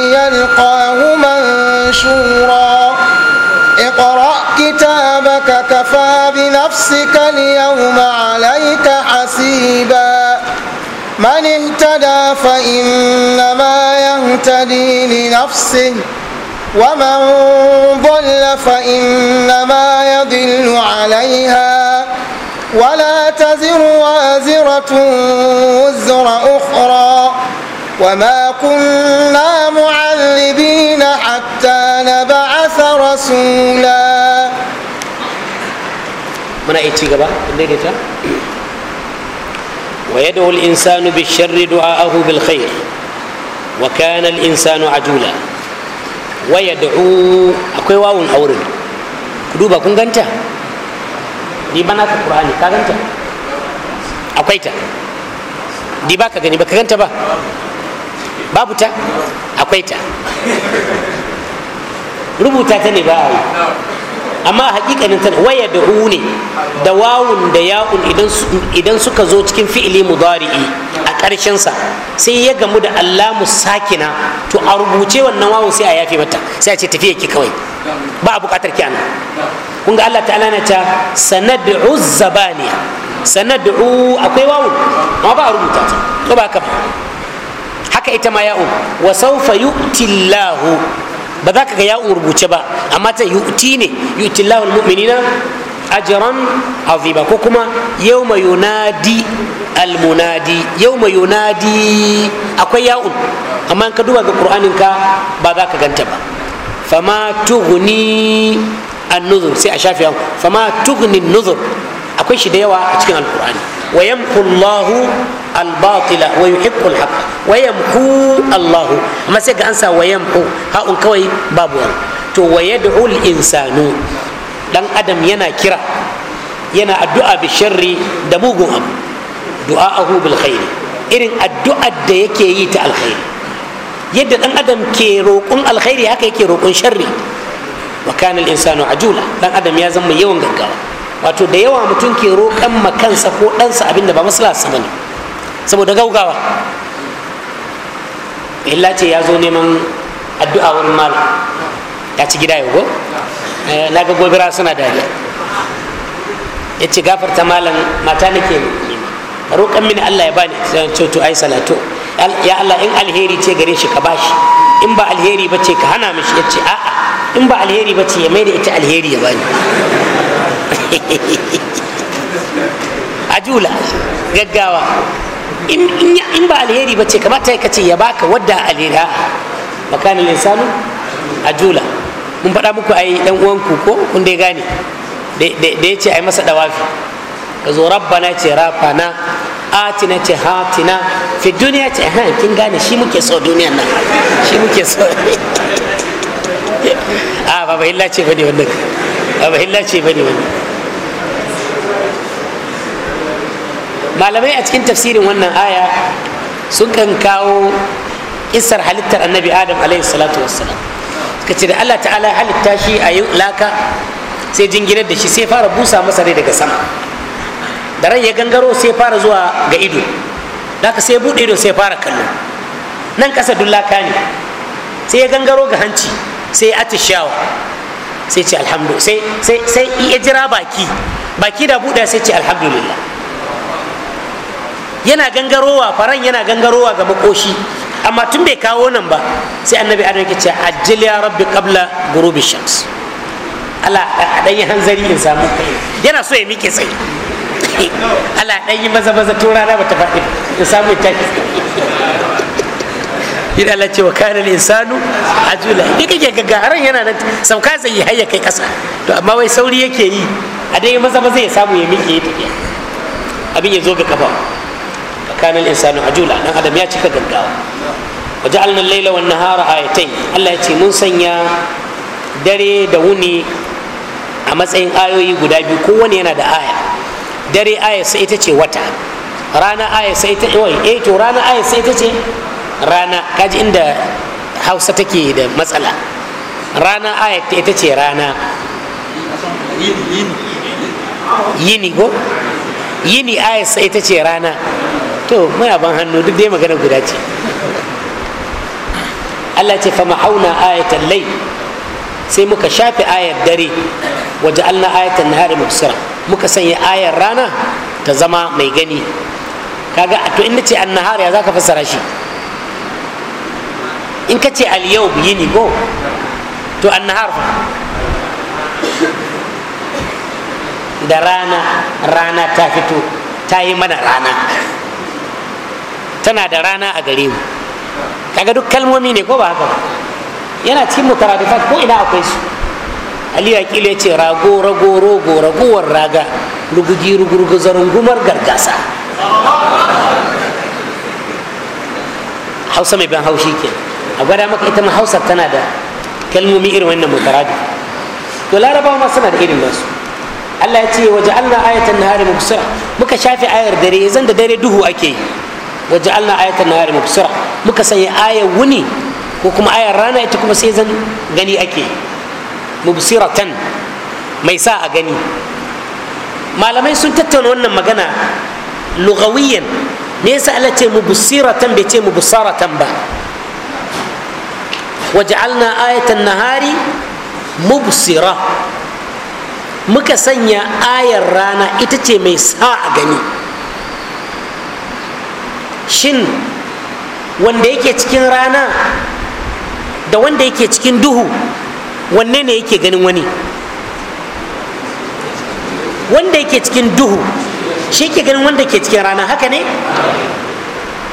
يلقاه منزلا شورا اقرأ كتابك كفى بنفسك اليوم عليك حسيبا من اهتدى فإنما يهتدي لنفسه ومن ضل فإنما يضل عليها ولا تزر وازرة وزر أخرى وما كنا معذبين حتى نبعث رسولا من أي تيجا ويدعو الإنسان بالشر دعاءه بالخير وكان الإنسان عجولا ويدعو أكوي واون أورن كدوبا كون غانتا دي بنا القرآن كا غانتا أكويتا دي باكا غني باكا غانتا با babu ta akwai ta rubuta ta ne ba a yi amma hakikanin ta waya da ne da wawun da ya'un idan suka zo cikin fi'ili mudari'i a ƙarshensa sai ya gamu da allamu sakina to a rubuce wannan wawun sai a yafe mata sai a ce tafiya ki kawai ba a buƙatar ki anan kun ga Allah ta'ala na ta sanad'u zabaniya sanad'u akwai wawun amma ba a rubuta ta ko ba ka ba haka ita ma ya'un wa sawfa yu'tillahu ba za ka ga ya'un rubuce ba amma ta yu'ti ne yu'tillahu almu'minina ajran azima ko kuma yawma yunadi almunadi yawma yunadi akwai ya'un amma in ka duba ga qur'anin ka ba za ka ganta ba fama tughni an-nuzur sai a shafi ya'un fama tughni an-nuzur akwai shi da yawa a cikin alkur'ani wa yamhu Allahu al wa yuhibbu wa Allahu amma sai ga ansa wa ha un kawai babu wani to wa yad'u insanu dan adam yana kira yana addu'a bi sharri da mugun abu du'a'ahu bil khairi irin addu'ar da yake yi ta alkhairi yadda dan adam ke roƙon alkhairi haka yake roƙon sharri wa kana al-insanu ajula dan adam ya zama yawan gaggawa wato da yawa mutum ke roƙan makansa ko ɗansa abinda ba ba ne saboda gaugawa illa ce ya zo neman addu'a wurin malam ya ci gida yau eh, na ga gobira suna dariya ya ce gafarta malam mata nake roƙan mini allah ya bani zan ce to ai salatu ya allah in alheri ce gare shi ka bashi in ba alheri ba ce ka hana mishi ya ce a'a in ba alheri ba ce ya mai da ita alheri ya bani a jula gaggawa in ba alheri ba ce kamata ya ce ya baka wadda alheri ha makanin insanu jula mun faɗa muku ai dan uwanku ko kun dai gane da ya ce ai masa dawafi ka zo rabbana ce rafana atina ce hatina fi duniya ce ha kin gane shi muke so duniyan nan shi muke so a *laughs* ah, baba illa ce bane wannan baba illa ce bane wannan malamai a cikin tafsirin wannan aya sukan kawo isar halittar annabi adam alaihi salatu wassalam suka ce da allah ta'ala halitta shi a yi laka sai jingirar da shi sai fara busa masa rai daga sama da ran ya gangaro sai fara zuwa ga ido laka sai buɗe ido sai fara kallo nan ƙasa dun laka ne sai ya gangaro ga hanci sai ya atishawa sai ce alhamdu sai sai sai iya jira baki baki da buɗa sai ce alhamdulillah yana gangarowa faran yana gangarowa ga makoshi amma tun bai kawo nan ba sai annabi adam ke cewa ajjal ya rabbi qabla ghurubi shams ala dan yi hanzari in samu kai yana so ya mike tsaye ala dan yi maza maza to rana bata faɗi in samu ta yi da ce wa kana insanu ajula duk kake gagaran yana nan sauka zai yi hayya kai kasa to amma wai sauri yake yi a dai maza maza ya samu ya mike ya tafiya abin ya zo ga kafa kana al-insanu ajula dan adam ya cika gaggawa waja'alna al-laila wan nahara ayatayn Allah ya ce mun sanya dare da wuni a matsayin ayoyi guda biyu wani yana da aya dare aya sai ita ce wata rana aya sai ita wai eh to rana aya sai ita ce rana kaji inda hausa take da matsala rana aya ita ce rana yini ko yini sai ita ce rana to muna ban hannu duk dai magana guda ce Allah ce fa ma'auna ayatan lai sai muka shafe ayar dare waje alna ayatan nahari mubsira muka sanya ayar rana ta zama mai gani kaga to in nace annahar ya zaka fassara shi in ka ce aliyau yini ko to annahar fa da rana rana ta fito ta yi mana rana tana da rana a gare mu kaga duk kalmomi ne ko ba haka ba yana cikin mutaradifat ko ina akwai su aliyu akili ya ce rago rago rogo ragowar raga rugugi rugurugu zarungumar gargasa hausa mai ban haushi ke a gwada maka ita ma hausa tana da kalmomi irin wannan mutaradi to larabawa ma suna da irin nasu allah ya ce waje allah ayatan nahari mubsira muka shafe ayar dare zan da dare duhu ake yi waje alna ayatan nawari mubsira muka sanya ayar wuni ko kuma ayar rana ita kuma sai zan gani ake mubsiratan mai sa a gani malamai sun tattauna wannan magana lugawiyan me yasa Allah ce mubsiratan bai ce mubsaratan ba waj'alna ayatan nahari mubsira muka sanya ayar rana ita ce mai sa a gani shin wanda yake cikin rana da wanda yake cikin duhu wanne ne yake ganin wani wanda yake cikin duhu shi yake ganin wanda ke cikin rana haka ne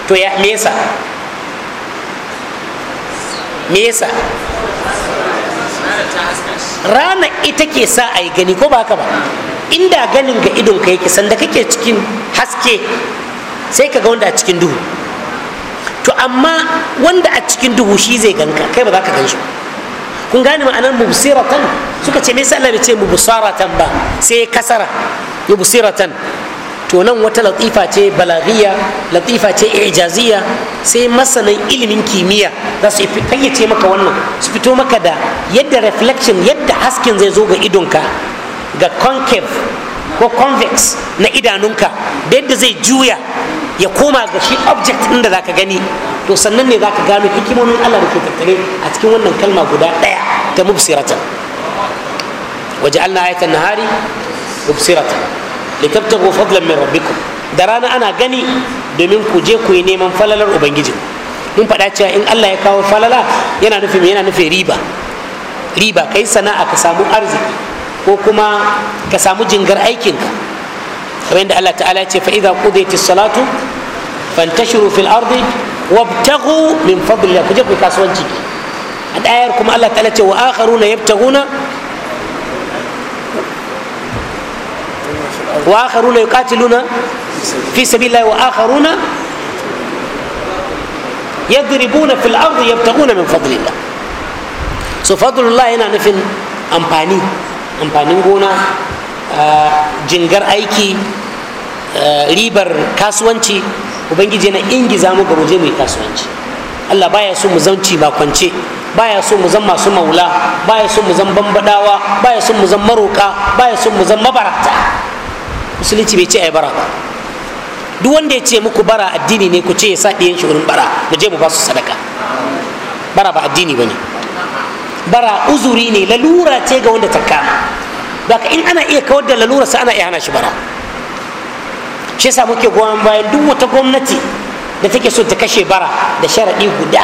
to ya me yasa me yasa rana ita ke sa a yi gani ko ba haka ba inda ganin ga idonka yake sanda kake cikin haske sai ka ga wanda a cikin duhu to amma wanda a cikin duhu shi zai ganka kai ba za ka ganshi kun gane ma'anar mubsiratan suka ce me yasa Allah bai ce mubsaratan ba sai kasara mubsiratan to nan wata latifa ce balaghiya latifa ce ijaziya sai masanan ilimin kimiyya za su fayyace maka wannan su fito maka da yadda reflection yadda hasken zai zo ga idonka ga concave ko convex na idanunka da yadda zai juya ya koma ga shi object ɗin da zaka gani to sannan ne zaka gano hikimomin Allah da ke tattare a cikin wannan kalma guda ɗaya ta mubsiratan waja'alna ayatan nahari mubsiratan litabtaghu fadlan min rabbikum da rana ana gani domin ku je ku yi neman falalar ubangiji mun faɗa cewa in Allah ya kawo falala yana nufin yana nufin riba riba kai sana'a ka samu arziki ko kuma ka samu jingar aikinka عند الله تعالى فإذا قضيت الصلاة فانتشروا في الأرض وابتغوا من فضل الله كجب كاسوان جيكي الآية ركم الله تعالى وآخرون يبتغون وآخرون يقاتلون في سبيل الله وآخرون يضربون في الأرض يبتغون من فضل الله سو فضل الله هنا نفن أمباني أمباني هنا آه، جنجر أيكي Eh, ribar kasuwanci ubangiji na ingiza mu mu je mu yi kasuwanci allah baya so mu zanci ba kwance baya so mu zan masu maula baya so mu zan bambadawa baya so mu zan maroka baya so mu zan mabarata musulunci bai ce ai bara ba duk wanda ya ce muku bara addini ne ku ce ya sa ɗiyan shi wurin bara mu je mu ba su sadaka bara ba addini ba ne bara uzuri ne lalura ce ga wanda ta kama in ana iya kawar da lalurarsa ana iya hana shi bara shiyasa muke goyon bayan duk wata gwamnati da take so ta kashe bara da sharaɗi guda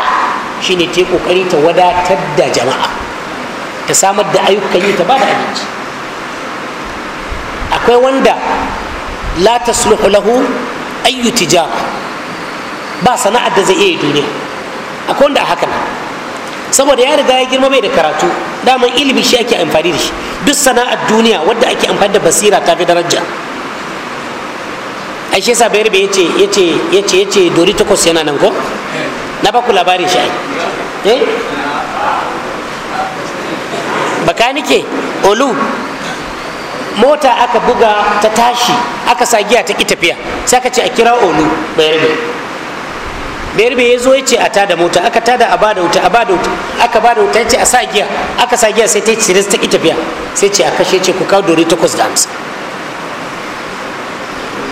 shine ta yi ƙoƙari ta wadatar da jama'a ta samar da ayyukan yi ta ba da abinci akwai wanda la tasluhu lahu ayyu tijara ba sana'ar da zai iya duniya akwai wanda a haka saboda ya riga ya girma bai da karatu daman ilimi shi ake amfani da shi duk sana'ar duniya wadda ake amfani da basira ta fi daraja ai shi yasa bayar yace yace yace yace dori takwas yana nan ko na baku labarin shi ai eh bakanike olu mota aka buga ta tashi aka sa giya ta ki tafiya sai aka ce a kira olu bayarbe bayarbe ya zo ya ce a tada mota aka tada a bada wuta a bada wuta aka bada wuta ya ce a sa giya aka sa giya sai ta ce ta ki tafiya sai ce a kashe ce ku kawo dori takwas da hamsin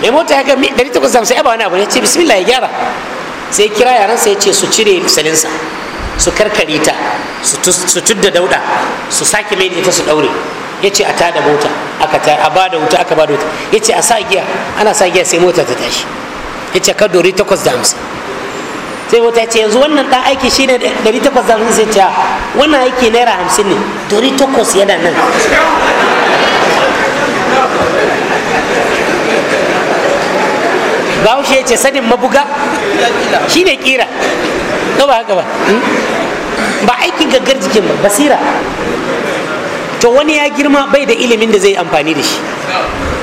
mai mota ya ga 850 ya ba wani abu ya ce bismillah ya gyara sai kira yaran sai ce su cire salinsa su karkare ta su tudda dauda su sake mai ita su daure ya ce a tada mota aka ta a bada wuta aka bada wuta ya ce a sa giya ana sa giya sai mota ta tashi ya ce ka dori takwas da hamsin sai ya ce yanzu wannan dan aiki shi ne takwas da hamsin sai ce wannan aiki naira hamsin ne dori takwas yana nan bahaushe ya ce sanin mabuga shine kira ko ba hmm? ba aikin gaggar jikin ba basira to wani ya girma bai da ilimin da zai amfani da shi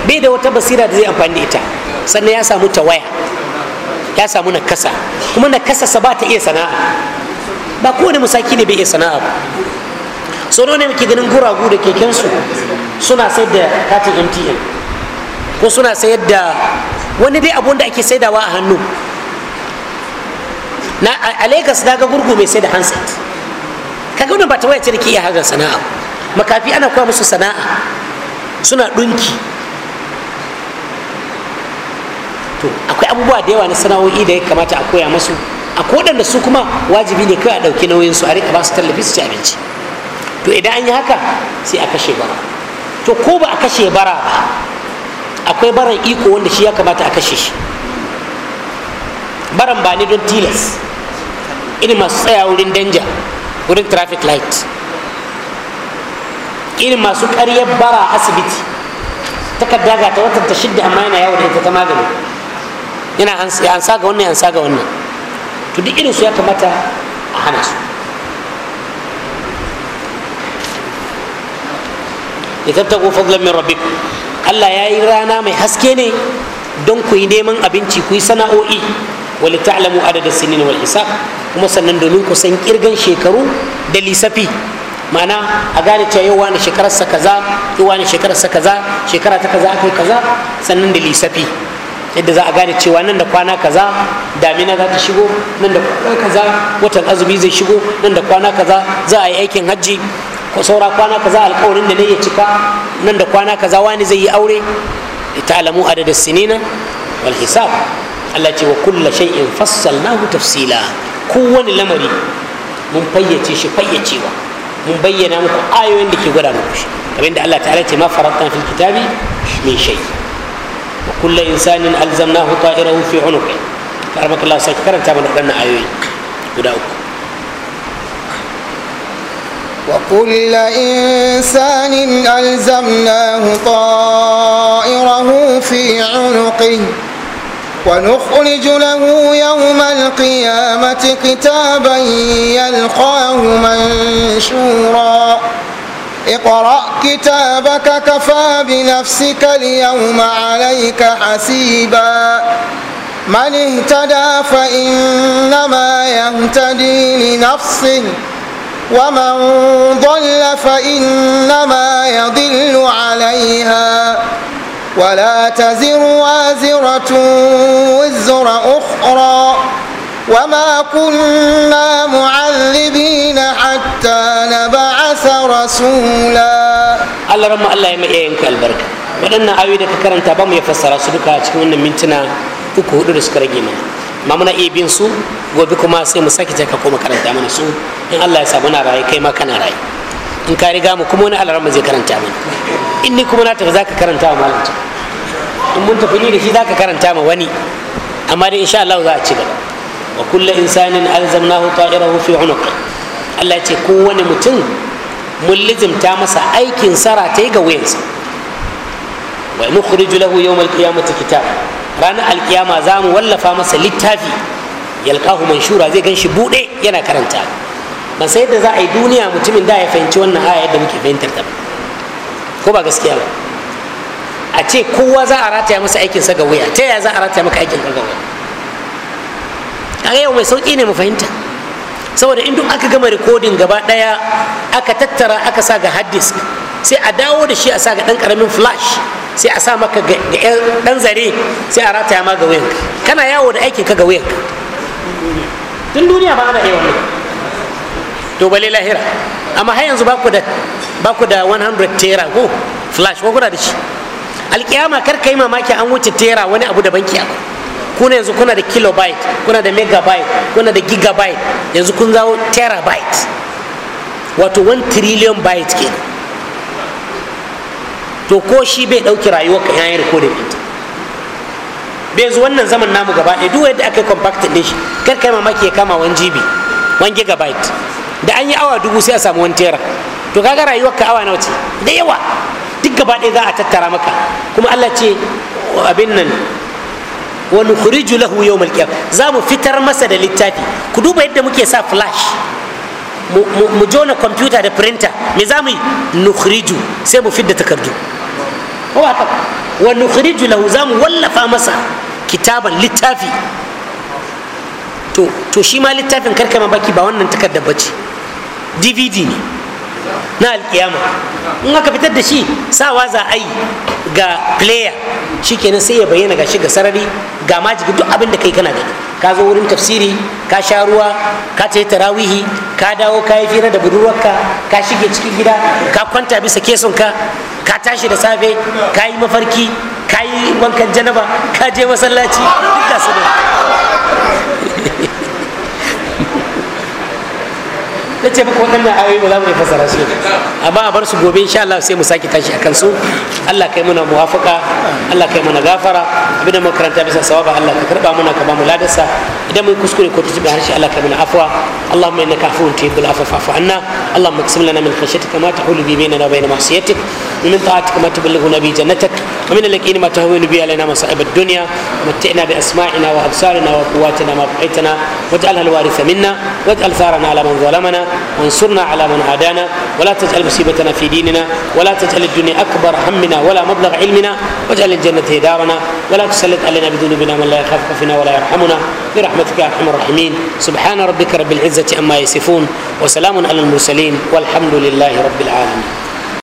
bai da wata basira da zai amfani da ita sannan ya samu tawaya ya samu nakasa kuma nakasa sa ba ta iya sana'a ba kowane musaki ne bai iya sana'a ba sono ne muke ganin guragu da kekensu suna sayar da katin mtn ko suna sayar da wani dai abun da ake saidawa a hannu na a lagos na ga gurgu mai sai da Ka ga wannan ba ta waya ce da ke iya hagan sana'a makafi ana koya musu sana'a suna dunki to akwai abubuwa da yawa na sana'o'i da ya kamata a koya musu a waɗanda su kuma wajibi ne kai a ɗauki nauyin su a rika ba su tallafi su ci abinci to idan an yi haka sai a kashe bara to ko ba a kashe bara ba akwai baran iko wanda shi ya kamata a kashe shi baran ba ne don tilas irin masu tsaya wurin danja wurin traffic light irin masu karyar bara asibiti takarda ga ta watan ta shidda amma yana yawon da ita ta magani yana an saga wannan an saga wannan to duk irin su ya kamata a hana su ita لتبتغوا فضلا من ربكم allah ya yi rana mai haske ne don ku yi neman abinci ku yi sana'o'i wali ta'lamu adadin sinin wal isa kuma sannan domin ku san kirgan shekaru da lissafi mana a gane cewa yau wani shekararsa kaza yau wani shekararsa kaza shekara ta kaza akan kaza sannan da lissafi yadda za a gane cewa nan da kwana kaza damina za ta shigo nan da kwana kaza watan azumi zai shigo nan da kwana kaza za a yi aikin hajji ko saura kwana kaza alkawarin da ne ya cika nan da kwana kaza wani zai yi aure لتعلموا sinina wal hisab Allah ce wa kullu shay'in fassalnahu tafsila kowane lamari mun fayyace shi fayyacewa mun bayyana muku ayoyin da ke gwada muku shi kamar da Allah ta'ala ce ma faratta fil kitabi min shay wa kullu insanin alzamnahu ta'irahu fi unuqi karbaka Allah sai karanta mana wadannan ayoyi guda uku وكل إنسان ألزمناه طائره في عنقه ونخرج له يوم القيامة كتابا يلقاه منشورا اقرأ كتابك كفى بنفسك اليوم عليك حسيبا من اهتدى فإنما يهتدي لنفسه ومن ضل فإنما يضل عليها ولا تزر وازرة وزر أخرى وما كنا معذبين حتى نبعث رسولا Allah ramma Allah ya mai iyayenka albarka waɗannan ayoyi da ka karanta ba mu ya fassara su duka cikin wannan mintuna uku hudu da suka rage mana ma muna iya bin su gobe kuma sai mu sake ka koma karanta mana su in Allah ya sa muna raye kai ma kana raye in ka riga mu kuma wani alaran zai karanta mana in ni kuma na tafi zaka karanta wa malam in mun tafi ni da shi zaka karanta ma wani amma dai insha Allah za a ci gaba wa kullu insanin alzamnahu ta'irahu fi unuq Allah ya ce kowane mutum mun lizimta masa aikin sara ta yi ga wayansa wa nukhriju lahu al qiyamati kitaba ranar alkiyama za mu wallafa masa littafi yalkahu manshura zai gan shi buɗe yana karanta ban sai yadda za a yi duniya mutumin da ya fahimci wannan aya yadda muke fahimtar ta ko ba gaskiya ba a ce kowa za a rataya masa aikin sa ga wuya ta yaya za a rataya maka aikin ga wuya kaga yau mai sauki ne mu fahimta saboda in duk aka gama rikodin gaba daya aka tattara aka sa ga hard disk sai a dawo da shi a sa ga dan karamin flash sai a sa maka ga dan zare sai a rataya ma ga wayanka kana yawo da aikin ka ga wayanka tun duniya ba ana yawan to bale lahira amma har yanzu baku da baku da 100 tera ko flash ko kuna da shi alkiyama kar kai mamaki an wuce tera wani abu da banki akwai kuna yanzu kuna da kilobyte kuna da megabyte kuna da gigabyte yanzu kun zawo terabyte wato 1 trillion byte ke to ko shi bai ɗauki rayuwar ka yayin recording ɗinta bai yanzu wannan zaman namu gaba ɗaya duk yadda aka compact din shi kar kai mamaki ya kama 1 gb 1 gigabyte da an yi awa dubu sai a samu 1 tera to kaga rayuwar ka awa nawa ce da yawa duk gaba ɗaya za a tattara maka kuma allah ce abin nan wa nukhriju lahu yawm al-qiyam za mu fitar masa da littafi ku duba yadda muke sa flash mu jona computer da printer me za mu nukhriju sai mu fidda takardu ko haka wa nukhriju lahu za mu wallafa masa kitaban littafi to to shi ma littafin karkama baki ba wannan takardar bace dvd ne na alkiyama in aka fitar da shi sawa za a yi ga player shikenan sai ya bayyana ga shi ga sarari ga majigi duk abin da kai kana gani ka zo wurin tafsiri ka sha ruwa ka ce tarawihi ka dawo ka yi fira da budurwarka ka shige cikin gida ka kwanta bisa kesonka ka tashi da safe ka yi mafarki ka yi wankan janaba ka je masallaci duk da su na ce baka waɗannan ayoyi ba za mu yi fasara su amma a bar su gobe insha Allah sai mu sake tashi akan su Allah kai muna muwafaka Allah kai muna gafara abin da makaranta bisa sawaba Allah ka karba mana ka ba mu ladarsa idan mun kuskure ko tuji shi Allah kai muna afwa Allahumma innaka afuwun tuhibbul afwa fa'fu anna Allahumma qsim lana min khashyatika ma tahulu bi bainana wa bain ma'siyatik ومن طاعتك ما ma به جنتك ومن اليقين ما تهون به علينا مصائب wa متعنا باسماعنا وابصارنا وقواتنا ما بقيتنا واجعلها الوارث منا واجعل ثارنا على من ظلمنا وانصرنا على من عادانا ولا تجعل مصيبتنا في ديننا ولا تجعل الدنيا أكبر همنا ولا مبلغ علمنا واجعل الجنة هي دارنا ولا تسلط علينا بذنوبنا من لا يخاف فينا ولا يرحمنا برحمتك يا أرحم الراحمين سبحان ربك رب العزة عما يصفون وسلام على المرسلين والحمد لله رب العالمين